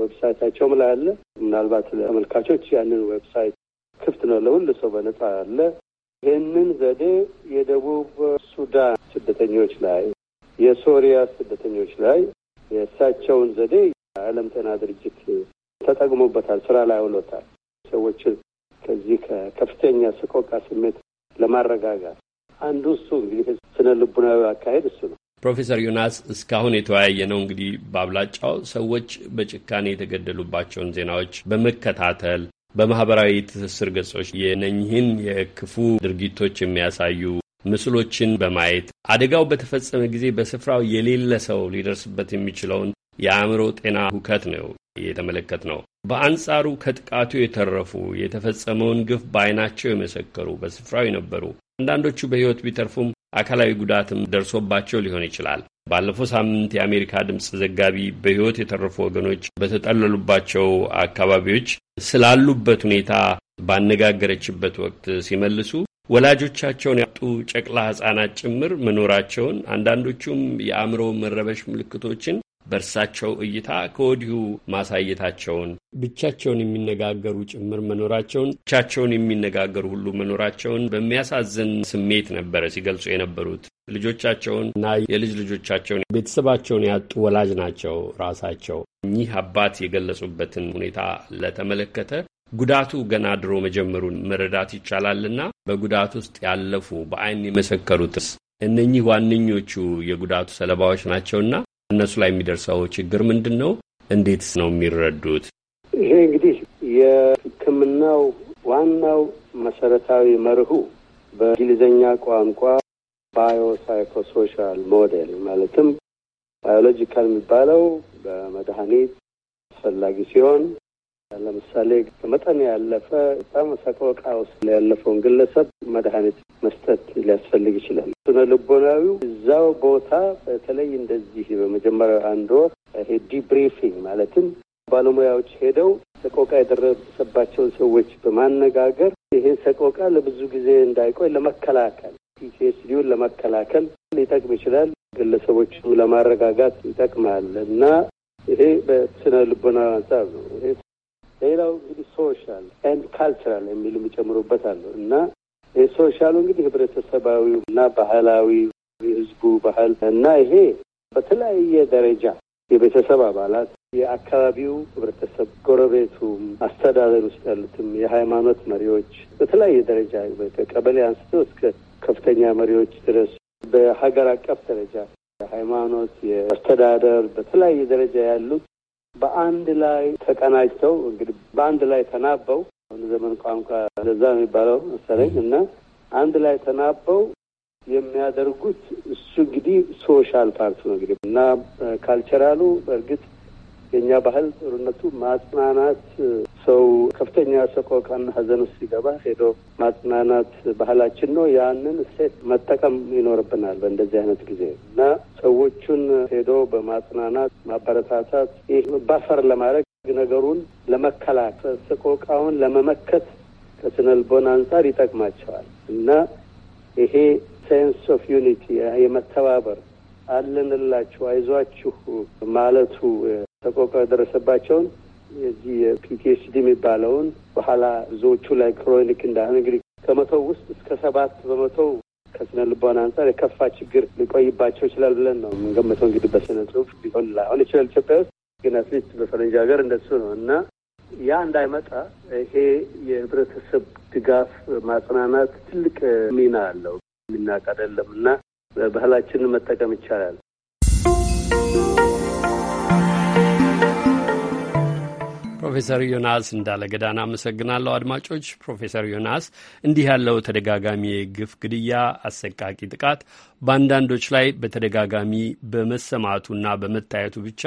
ዌብሳይታቸውም ላይ አለ። ምናልባት ለተመልካቾች ያንን ዌብሳይት ክፍት ነው ለሁሉ ሰው በነጻ አለ። ይህንን ዘዴ የደቡብ ሱዳን ስደተኞች ላይ፣ የሶሪያ ስደተኞች ላይ የእሳቸውን ዘዴ የዓለም ጤና ድርጅት ተጠቅሞበታል፣ ስራ ላይ አውሎታል። ሰዎችን ከዚህ ከከፍተኛ ስቆቃ ስሜት ለማረጋጋት አንዱ እሱ እንግዲህ ስነ ልቡናዊ አካሄድ እሱ ነው። ፕሮፌሰር ዮናስ እስካሁን የተወያየ ነው እንግዲህ በአብላጫው ሰዎች በጭካኔ የተገደሉባቸውን ዜናዎች በመከታተል በማህበራዊ ትስስር ገጾች የነኝህን የክፉ ድርጊቶች የሚያሳዩ ምስሎችን በማየት አደጋው በተፈጸመ ጊዜ በስፍራው የሌለ ሰው ሊደርስበት የሚችለውን የአእምሮ ጤና ሁከት ነው እየተመለከት ነው። በአንጻሩ ከጥቃቱ የተረፉ የተፈጸመውን ግፍ በዓይናቸው የመሰከሩ በስፍራው የነበሩ አንዳንዶቹ በሕይወት ቢተርፉም አካላዊ ጉዳትም ደርሶባቸው ሊሆን ይችላል። ባለፈው ሳምንት የአሜሪካ ድምፅ ዘጋቢ በሕይወት የተረፉ ወገኖች በተጠለሉባቸው አካባቢዎች ስላሉበት ሁኔታ ባነጋገረችበት ወቅት ሲመልሱ ወላጆቻቸውን ያጡ ጨቅላ ሕፃናት ጭምር መኖራቸውን አንዳንዶቹም የአእምሮ መረበሽ ምልክቶችን በእርሳቸው እይታ ከወዲሁ ማሳየታቸውን ብቻቸውን የሚነጋገሩ ጭምር መኖራቸውን ብቻቸውን የሚነጋገሩ ሁሉ መኖራቸውን በሚያሳዝን ስሜት ነበረ ሲገልጹ የነበሩት። ልጆቻቸውን እና የልጅ ልጆቻቸውን ቤተሰባቸውን ያጡ ወላጅ ናቸው። ራሳቸው እኚህ አባት የገለጹበትን ሁኔታ ለተመለከተ ጉዳቱ ገና ድሮ መጀመሩን መረዳት ይቻላልና በጉዳት ውስጥ ያለፉ በአይን የመሰከሩትስ እነኚህ ዋነኞቹ የጉዳቱ ሰለባዎች ናቸውና እነሱ ላይ የሚደርሰው ችግር ምንድን ነው? እንዴትስ ነው የሚረዱት? ይሄ እንግዲህ የሕክምናው ዋናው መሰረታዊ መርሁ በእንግሊዝኛ ቋንቋ ባዮሳይኮሶሻል ሞዴል ማለትም ባዮሎጂካል የሚባለው በመድኃኒት አስፈላጊ ሲሆን ለምሳሌ በመጠን ያለፈ በጣም ሰቆቃ ውስጥ ያለፈውን ግለሰብ መድኃኒት መስጠት ሊያስፈልግ ይችላል። ስነ ልቦናዊው እዛው ቦታ በተለይ እንደዚህ በመጀመሪያው አንድ ወር ዲብሪፊንግ ማለትም ባለሙያዎች ሄደው ሰቆቃ የደረሰባቸውን ሰዎች በማነጋገር ይሄን ሰቆቃ ለብዙ ጊዜ እንዳይቆይ ለመከላከል ፒቲኤስዲውን ለመከላከል ሊጠቅም ይችላል። ግለሰቦቹ ለማረጋጋት ይጠቅማል እና ይሄ በስነ ልቦና አንጻር ነው። ሌላው እንግዲህ ሶሻል ኤንድ ካልቸራል የሚል የሚጨምሩበት አለ እና የሶሻሉ እንግዲህ ህብረተሰባዊ እና ባህላዊ የህዝቡ ባህል እና ይሄ በተለያየ ደረጃ የቤተሰብ አባላት የአካባቢው ህብረተሰብ፣ ጎረቤቱም፣ አስተዳደር ውስጥ ያሉትም የሃይማኖት መሪዎች በተለያየ ደረጃ ከቀበሌ አንስቶ እስከ ከፍተኛ መሪዎች ድረስ በሀገር አቀፍ ደረጃ የሃይማኖት፣ የአስተዳደር በተለያየ ደረጃ ያሉት በአንድ ላይ ተቀናጅተው እንግዲህ በአንድ ላይ ተናበው አሁን ዘመን ቋንቋ እንደዛ ነው የሚባለው መሰለኝ እና አንድ ላይ ተናበው የሚያደርጉት እሱ እንግዲህ ሶሻል ፓርቱ ነው እንግዲህ እና ካልቸራሉ በእርግጥ የእኛ ባህል ጥሩነቱ ማጽናናት፣ ሰው ከፍተኛ ሰቆቃና ሀዘን ውስጥ ሲገባ ሄዶ ማጽናናት ባህላችን ነው። ያንን እሴት መጠቀም ይኖርብናል በእንደዚህ አይነት ጊዜ እና ሰዎቹን ሄዶ በማጽናናት ማበረታታት፣ ይህ ባፈር ለማድረግ ነገሩን ለመከላከል ሰቆቃውን ለመመከት ከስነልቦን አንጻር ይጠቅማቸዋል እና ይሄ ሴንስ ኦፍ ዩኒቲ የመተባበር አለንላችሁ አይዟችሁ ማለቱ ተቆቃ የደረሰባቸውን የዚህ የፒቲኤስዲ የሚባለውን በኋላ ብዙዎቹ ላይ ክሮኒክ እንዳሁን እንግዲህ ከመቶው ውስጥ እስከ ሰባት በመቶ ከስነ ልቦና አንጻር የከፋ ችግር ሊቆይባቸው ይችላል ብለን ነው የምንገምተው። እንግዲህ በስነ ጽሁፍ ሊሆን ላይሆን ይችላል ኢትዮጵያ ውስጥ ግን አትሊስት በፈረንጅ ሀገር እንደሱ ነው እና ያ እንዳይመጣ ይሄ የህብረተሰብ ድጋፍ ማጽናናት ትልቅ ሚና አለው። የሚናቅ አይደለም እና ባህላችንን መጠቀም ይቻላል። ፕሮፌሰር ዮናስ እንዳለገዳን አመሰግናለሁ። አድማጮች፣ ፕሮፌሰር ዮናስ እንዲህ ያለው ተደጋጋሚ የግፍ ግድያ፣ አሰቃቂ ጥቃት በአንዳንዶች ላይ በተደጋጋሚ በመሰማቱና በመታየቱ ብቻ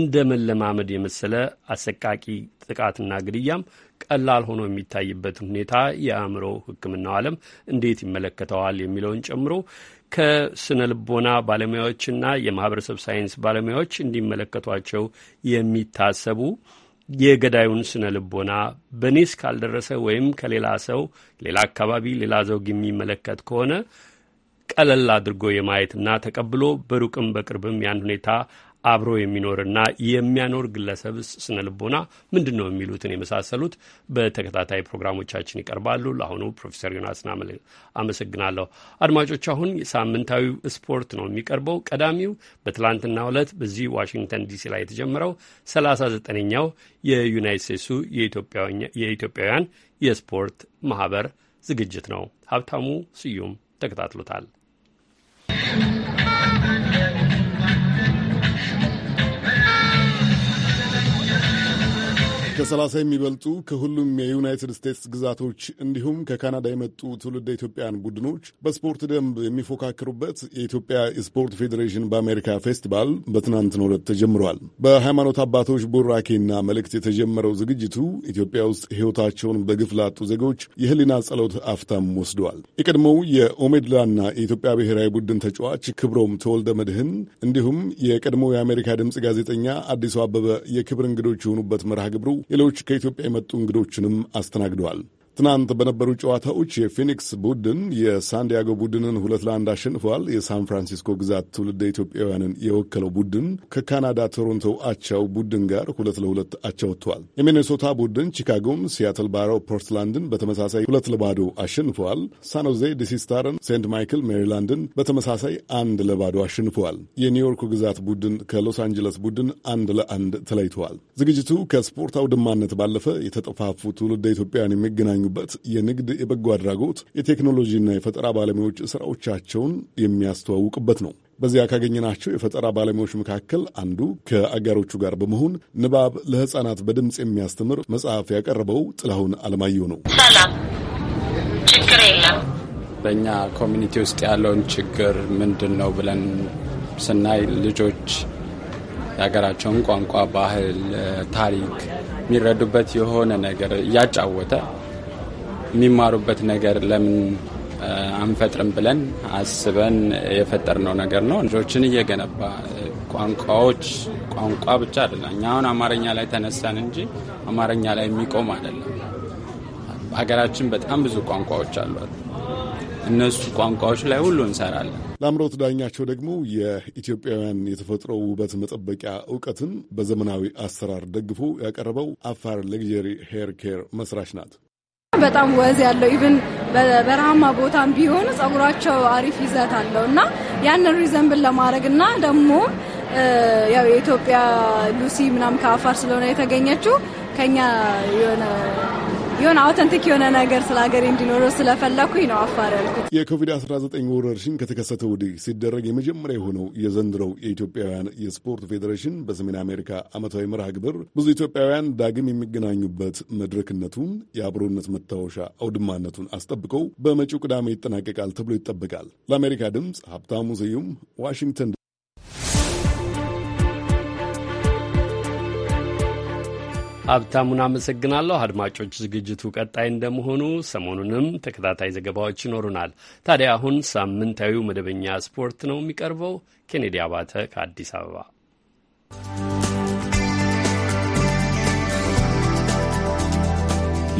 እንደ መለማመድ የመሰለ አሰቃቂ ጥቃትና ግድያም ቀላል ሆኖ የሚታይበትን ሁኔታ የአእምሮ ሕክምናው ዓለም እንዴት ይመለከተዋል የሚለውን ጨምሮ ከስነ ልቦና ባለሙያዎችና የማህበረሰብ ሳይንስ ባለሙያዎች እንዲመለከቷቸው የሚታሰቡ የገዳዩን ስነ ልቦና በኔ እስካልደረሰ ወይም ከሌላ ሰው ሌላ አካባቢ ሌላ ዘውግ የሚመለከት ከሆነ ቀለል አድርጎ የማየትና ተቀብሎ በሩቅም በቅርብም ያን ሁኔታ አብሮ የሚኖርና የሚያኖር ግለሰብ ስነ ልቦና ምንድን ነው የሚሉትን የመሳሰሉት በተከታታይ ፕሮግራሞቻችን ይቀርባሉ። ለአሁኑ ፕሮፌሰር ዮናስን አመሰግናለሁ። አድማጮች፣ አሁን ሳምንታዊ ስፖርት ነው የሚቀርበው። ቀዳሚው በትላንትናው ዕለት በዚህ ዋሽንግተን ዲሲ ላይ የተጀመረው ሰላሳ ዘጠነኛው የዩናይት ስቴትሱ የኢትዮጵያውያን የስፖርት ማህበር ዝግጅት ነው። ሀብታሙ ስዩም ተከታትሎታል። Thank you. ከሰላሳ የሚበልጡ ከሁሉም የዩናይትድ ስቴትስ ግዛቶች እንዲሁም ከካናዳ የመጡ ትውልደ ኢትዮጵያን ቡድኖች በስፖርት ደንብ የሚፎካከሩበት የኢትዮጵያ ስፖርት ፌዴሬሽን በአሜሪካ ፌስቲቫል በትናንትናው ዕለት ተጀምሯል። በሃይማኖት አባቶች ቡራኬና መልእክት የተጀመረው ዝግጅቱ ኢትዮጵያ ውስጥ ሕይወታቸውን በግፍ ላጡ ዜጎች የህሊና ጸሎት አፍታም ወስደዋል። የቀድሞው የኦሜድላና የኢትዮጵያ ብሔራዊ ቡድን ተጫዋች ክብሮም ተወልደ መድህን እንዲሁም የቀድሞው የአሜሪካ ድምፅ ጋዜጠኛ አዲሱ አበበ የክብር እንግዶች የሆኑበት መርሃ ግብሩ ሌሎች ከኢትዮጵያ የመጡ እንግዶችንም አስተናግደዋል። ትናንት በነበሩ ጨዋታዎች የፊኒክስ ቡድን የሳንዲያጎ ቡድንን ሁለት ለአንድ አሸንፏል። የሳን ፍራንሲስኮ ግዛት ትውልደ ኢትዮጵያውያንን የወከለው ቡድን ከካናዳ ቶሮንቶ አቻው ቡድን ጋር ሁለት ለሁለት አቻ የሚኔሶታ ቡድን ቺካጎን፣ ሲያትል ባሮ ፖርትላንድን በተመሳሳይ ሁለት ለባዶ አሸንፈዋል። ሳንሆዜ ዲሲስታርን፣ ሴንት ማይክል ሜሪላንድን በተመሳሳይ አንድ ለባዶ አሸንፈዋል። የኒውዮርኩ ግዛት ቡድን ከሎስ አንጀለስ ቡድን አንድ ለአንድ ተለይተዋል። ዝግጅቱ ከስፖርት አውድማነት ባለፈ የተጠፋፉ ትውልደ ኢትዮጵያውያን የሚገናኙ የሚገኙበት የንግድ የበጎ አድራጎት የቴክኖሎጂና የፈጠራ ባለሙያዎች ስራዎቻቸውን የሚያስተዋውቅበት ነው። በዚያ ካገኘናቸው የፈጠራ ባለሙያዎች መካከል አንዱ ከአጋሮቹ ጋር በመሆን ንባብ ለሕፃናት በድምፅ የሚያስተምር መጽሐፍ ያቀረበው ጥላሁን አለማየሁ ነው። ሰላም፣ ችግር የለም። በእኛ ኮሚኒቲ ውስጥ ያለውን ችግር ምንድን ነው ብለን ስናይ ልጆች የሀገራቸውን ቋንቋ፣ ባህል፣ ታሪክ የሚረዱበት የሆነ ነገር እያጫወተ የሚማሩበት ነገር ለምን አንፈጥርም ብለን አስበን የፈጠርነው ነገር ነው። ልጆችን እየገነባ ቋንቋዎች ቋንቋ ብቻ አይደለም። እኛ አሁን አማርኛ ላይ ተነሳን እንጂ አማርኛ ላይ የሚቆም አይደለም። ሀገራችን በጣም ብዙ ቋንቋዎች አሏት። እነሱ ቋንቋዎች ላይ ሁሉ እንሰራለን። ለአምሮት ዳኛቸው ደግሞ የኢትዮጵያውያን የተፈጥሮ ውበት መጠበቂያ እውቀትን በዘመናዊ አሰራር ደግፎ ያቀረበው አፋር ለግጀሪ ሄር ኬር መስራች ናት። በጣም ወዝ ያለው ኢቭን በረሃማ ቦታም ቢሆን ጸጉራቸው አሪፍ ይዘት አለው እና ያንን ሪዘንብን ለማድረግ እና ደግሞ ያው የኢትዮጵያ ሉሲ ምናምን ከአፋር ስለሆነ የተገኘችው ከኛ የሆነ የሆነ አውተንቲክ የሆነ ነገር ስለ ሀገሬ እንዲኖረው ስለፈለኩኝ ነው አፋር ያልኩት። የኮቪድ-19 ወረርሽኝ ከተከሰተ ወዲህ ሲደረግ የመጀመሪያ የሆነው የዘንድሮው የኢትዮጵያውያን የስፖርት ፌዴሬሽን በሰሜን አሜሪካ ዓመታዊ መርሃ ግብር ብዙ ኢትዮጵያውያን ዳግም የሚገናኙበት መድረክነቱን የአብሮነት መታወሻ አውድማነቱን አስጠብቀው በመጪው ቅዳሜ ይጠናቀቃል ተብሎ ይጠበቃል። ለአሜሪካ ድምፅ ሀብታሙ ስዩም ዋሽንግተን ሀብታሙን አመሰግናለሁ። አድማጮች ዝግጅቱ ቀጣይ እንደመሆኑ ሰሞኑንም ተከታታይ ዘገባዎች ይኖሩናል። ታዲያ አሁን ሳምንታዊው መደበኛ ስፖርት ነው የሚቀርበው። ኬኔዲ አባተ ከአዲስ አበባ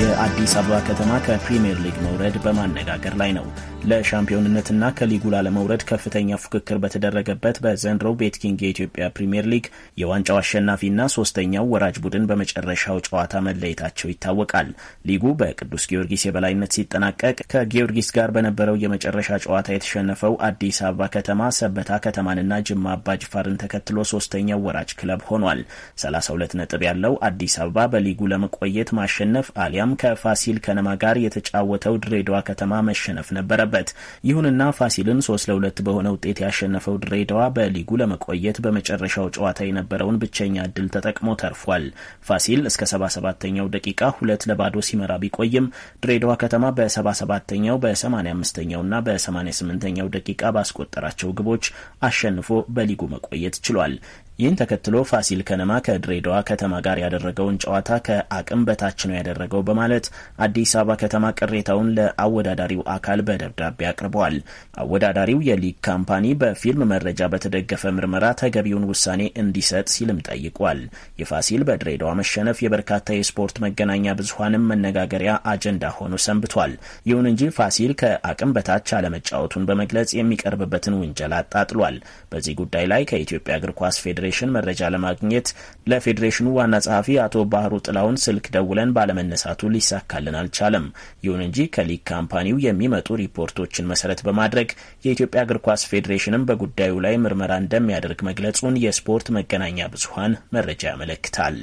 የአዲስ አበባ ከተማ ከፕሪምየር ሊግ መውረድ በማነጋገር ላይ ነው። ለሻምፒዮንነትና ከሊጉ ላለመውረድ ከፍተኛ ፉክክር በተደረገበት በዘንድሮው ቤትኪንግ የኢትዮጵያ ፕሪምየር ሊግ የዋንጫው አሸናፊና ሶስተኛው ወራጅ ቡድን በመጨረሻው ጨዋታ መለየታቸው ይታወቃል። ሊጉ በቅዱስ ጊዮርጊስ የበላይነት ሲጠናቀቅ ከጊዮርጊስ ጋር በነበረው የመጨረሻ ጨዋታ የተሸነፈው አዲስ አበባ ከተማ ሰበታ ከተማንና ጅማ አባጅፋርን ተከትሎ ሶስተኛው ወራጅ ክለብ ሆኗል። 32 ነጥብ ያለው አዲስ አበባ በሊጉ ለመቆየት ማሸነፍ አሊያም ከፋሲል ከነማ ጋር የተጫወተው ድሬዳዋ ከተማ መሸነፍ ነበረ። ነበረበት። ይሁንና ፋሲልን ሶስት ለሁለት በሆነ ውጤት ያሸነፈው ድሬዳዋ በሊጉ ለመቆየት በመጨረሻው ጨዋታ የነበረውን ብቸኛ እድል ተጠቅሞ ተርፏል። ፋሲል እስከ 77ኛው ደቂቃ ሁለት ለባዶ ሲመራ ቢቆይም ድሬዳዋ ከተማ በ77ኛው በ85ኛው ና በ88ኛው ደቂቃ ባስቆጠራቸው ግቦች አሸንፎ በሊጉ መቆየት ችሏል። ይህን ተከትሎ ፋሲል ከነማ ከድሬዳዋ ከተማ ጋር ያደረገውን ጨዋታ ከአቅም በታች ነው ያደረገው በማለት አዲስ አበባ ከተማ ቅሬታውን ለአወዳዳሪው አካል በደብዳቤ አቅርበዋል። አወዳዳሪው የሊግ ካምፓኒ በፊልም መረጃ በተደገፈ ምርመራ ተገቢውን ውሳኔ እንዲሰጥ ሲልም ጠይቋል። የፋሲል በድሬዳዋ መሸነፍ የበርካታ የስፖርት መገናኛ ብዙሀንም መነጋገሪያ አጀንዳ ሆኖ ሰንብቷል። ይሁን እንጂ ፋሲል ከአቅም በታች አለመጫወቱን በመግለጽ የሚቀርብበትን ውንጀላ አጣጥሏል። በዚህ ጉዳይ ላይ ከኢትዮጵያ እግር ኳስ ፌዴ ፌዴሬሽን መረጃ ለማግኘት ለፌዴሬሽኑ ዋና ጸሐፊ አቶ ባህሩ ጥላውን ስልክ ደውለን ባለመነሳቱ ሊሳካልን አልቻለም። ይሁን እንጂ ከሊግ ካምፓኒው የሚመጡ ሪፖርቶችን መሰረት በማድረግ የኢትዮጵያ እግር ኳስ ፌዴሬሽንም በጉዳዩ ላይ ምርመራ እንደሚያደርግ መግለጹን የስፖርት መገናኛ ብዙሀን መረጃ ያመለክታል።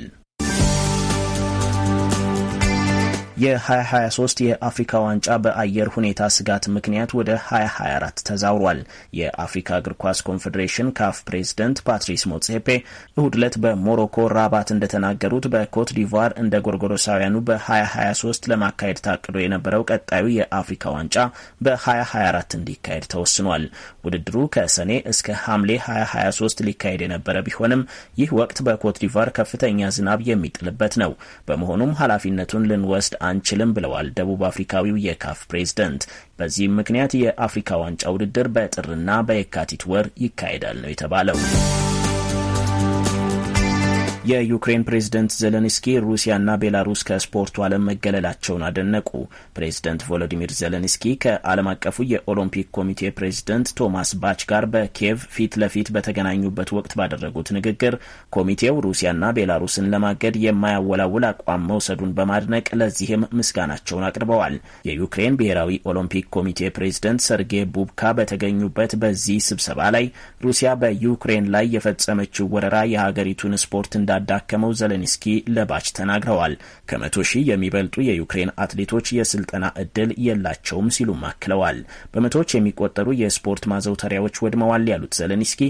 የ2023 የአፍሪካ ዋንጫ በአየር ሁኔታ ስጋት ምክንያት ወደ 2024 ተዛውሯል። የአፍሪካ እግር ኳስ ኮንፌዴሬሽን ካፍ ፕሬዚደንት ፓትሪስ ሞትሴፔ እሁድ ዕለት በሞሮኮ ራባት እንደተናገሩት በኮት ዲቫር እንደ ጎርጎሮሳውያኑ በ2023 ለማካሄድ ታቅዶ የነበረው ቀጣዩ የአፍሪካ ዋንጫ በ2024 እንዲካሄድ ተወስኗል። ውድድሩ ከሰኔ እስከ ሐምሌ 2023 ሊካሄድ የነበረ ቢሆንም ይህ ወቅት በኮት ዲቫር ከፍተኛ ዝናብ የሚጥልበት ነው። በመሆኑም ኃላፊነቱን ልንወስድ አንችልም ብለዋል ደቡብ አፍሪካዊው የካፍ ፕሬዝደንት። በዚህም ምክንያት የአፍሪካ ዋንጫ ውድድር በጥርና በየካቲት ወር ይካሄዳል ነው የተባለው። የዩክሬን ፕሬዝደንት ዘለንስኪ ሩሲያና ቤላሩስ ከስፖርቱ ዓለም መገለላቸውን አደነቁ። ፕሬዝደንት ቮሎዲሚር ዘለንስኪ ከዓለም አቀፉ የኦሎምፒክ ኮሚቴ ፕሬዝደንት ቶማስ ባች ጋር በኪየቭ ፊት ለፊት በተገናኙበት ወቅት ባደረጉት ንግግር ኮሚቴው ሩሲያና ቤላሩስን ለማገድ የማያወላውል አቋም መውሰዱን በማድነቅ ለዚህም ምስጋናቸውን አቅርበዋል። የዩክሬን ብሔራዊ ኦሎምፒክ ኮሚቴ ፕሬዝደንት ሰርጌይ ቡብካ በተገኙበት በዚህ ስብሰባ ላይ ሩሲያ በዩክሬን ላይ የፈጸመችው ወረራ የሀገሪቱን ስፖርት እንዳ እንዳዳከመው ዘለንስኪ ለባች ተናግረዋል። ከመቶ ሺህ የሚበልጡ የዩክሬን አትሌቶች የስልጠና እድል የላቸውም ሲሉም አክለዋል። በመቶዎች የሚቆጠሩ የስፖርት ማዘውተሪያዎች ወድመዋል ያሉት ዘለንስኪ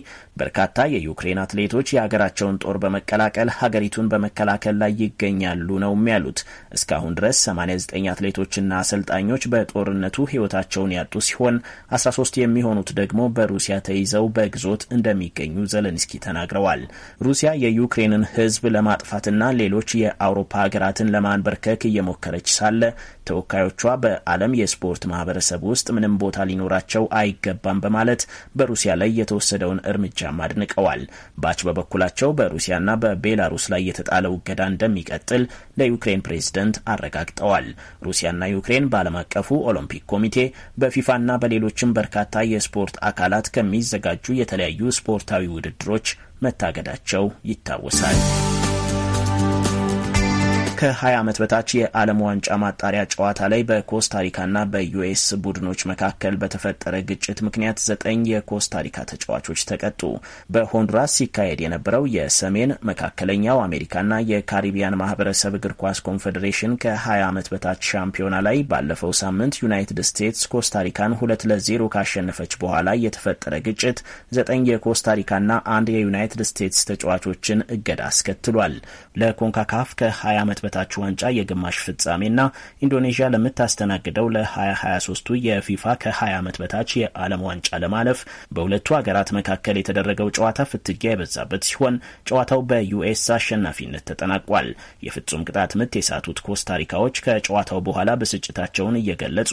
በርካታ የዩክሬን አትሌቶች የሀገራቸውን ጦር በመቀላቀል ሀገሪቱን በመከላከል ላይ ይገኛሉ ነውም ያሉት። እስካሁን ድረስ 89 አትሌቶችና አሰልጣኞች በጦርነቱ ህይወታቸውን ያጡ ሲሆን 13 የሚሆኑት ደግሞ በሩሲያ ተይዘው በግዞት እንደሚገኙ ዘለንስኪ ተናግረዋል። ሩሲያ የዩክሬንን ህዝብ ለማጥፋትና ሌሎች የአውሮፓ ሀገራትን ለማንበርከክ እየሞከረች ሳለ ተወካዮቿ በዓለም የስፖርት ማህበረሰብ ውስጥ ምንም ቦታ ሊኖራቸው አይገባም በማለት በሩሲያ ላይ የተወሰደውን እርምጃም አድንቀዋል። ባች በበኩላቸው በሩሲያና በቤላሩስ ላይ የተጣለው እገዳ እንደሚቀጥል ለዩክሬን ፕሬዝደንት አረጋግጠዋል። ሩሲያና ዩክሬን በዓለም አቀፉ ኦሎምፒክ ኮሚቴ በፊፋና በሌሎችም በርካታ የስፖርት አካላት ከሚዘጋጁ የተለያዩ ስፖርታዊ ውድድሮች መታገዳቸው ይታወሳል። ከ20 ዓመት በታች የዓለም ዋንጫ ማጣሪያ ጨዋታ ላይ በኮስታሪካና በዩኤስ ቡድኖች መካከል በተፈጠረ ግጭት ምክንያት ዘጠኝ የኮስታሪካ ተጫዋቾች ተቀጡ። በሆንዱራስ ሲካሄድ የነበረው የሰሜን መካከለኛው አሜሪካና የካሪቢያን ማህበረሰብ እግር ኳስ ኮንፌዴሬሽን ከ20 ዓመት በታች ሻምፒዮና ላይ ባለፈው ሳምንት ዩናይትድ ስቴትስ ኮስታሪካን ሁለት ለዜሮ ካሸነፈች በኋላ የተፈጠረ ግጭት ዘጠኝ የኮስታሪካና አንድ የዩናይትድ ስቴትስ ተጫዋቾችን እገዳ አስከትሏል። ለኮንካካፍ ከ20 ዓመት በታች ዋንጫ የግማሽ ፍጻሜና ኢንዶኔዥያ ለምታስተናግደው ለ2023ቱ የፊፋ ከ20 ዓመት በታች የዓለም ዋንጫ ለማለፍ በሁለቱ ሀገራት መካከል የተደረገው ጨዋታ ፍትጊያ የበዛበት ሲሆን ጨዋታው በዩኤስ አሸናፊነት ተጠናቋል። የፍጹም ቅጣት ምት የሳቱት ኮስታሪካዎች ከጨዋታው በኋላ ብስጭታቸውን እየገለጹ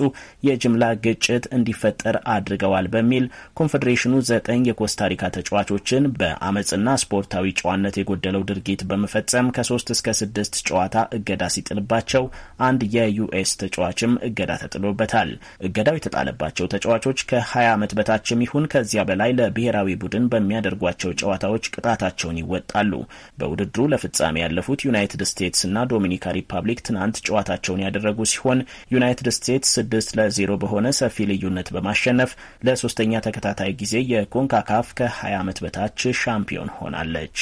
የጅምላ ግጭት እንዲፈጠር አድርገዋል በሚል ኮንፌዴሬሽኑ ዘጠኝ የኮስታሪካ ተጫዋቾችን በአመፅና ስፖርታዊ ጨዋነት የጎደለው ድርጊት በመፈጸም ከሶስት እስከ ስድስት ጨዋታ እገዳ ሲጥልባቸው አንድ የዩኤስ ተጫዋችም እገዳ ተጥሎበታል። እገዳው የተጣለባቸው ተጫዋቾች ከ20 ዓመት በታችም ይሁን ከዚያ በላይ ለብሔራዊ ቡድን በሚያደርጓቸው ጨዋታዎች ቅጣታቸውን ይወጣሉ። በውድድሩ ለፍጻሜ ያለፉት ዩናይትድ ስቴትስ እና ዶሚኒካ ሪፐብሊክ ትናንት ጨዋታቸውን ያደረጉ ሲሆን ዩናይትድ ስቴትስ ስድስት ለዜሮ በሆነ ሰፊ ልዩነት በማሸነፍ ለሶስተኛ ተከታታይ ጊዜ የኮንካካፍ ከ20 ዓመት በታች ሻምፒዮን ሆናለች።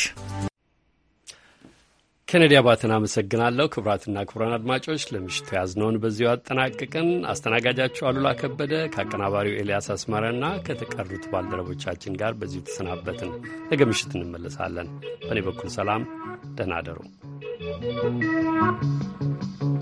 ኬኔዲ አባትን አመሰግናለሁ። ክቡራትና ክቡራን አድማጮች ለምሽቱ ያዝነውን በዚሁ አጠናቅቅን። አስተናጋጃችሁ አሉላ ከበደ ከአቀናባሪው ኤልያስ አስመረና ከተቀሩት ባልደረቦቻችን ጋር በዚሁ ተሰናበትን። ነገ ምሽት እንመለሳለን። በእኔ በኩል ሰላም፣ ደህና አደሩ።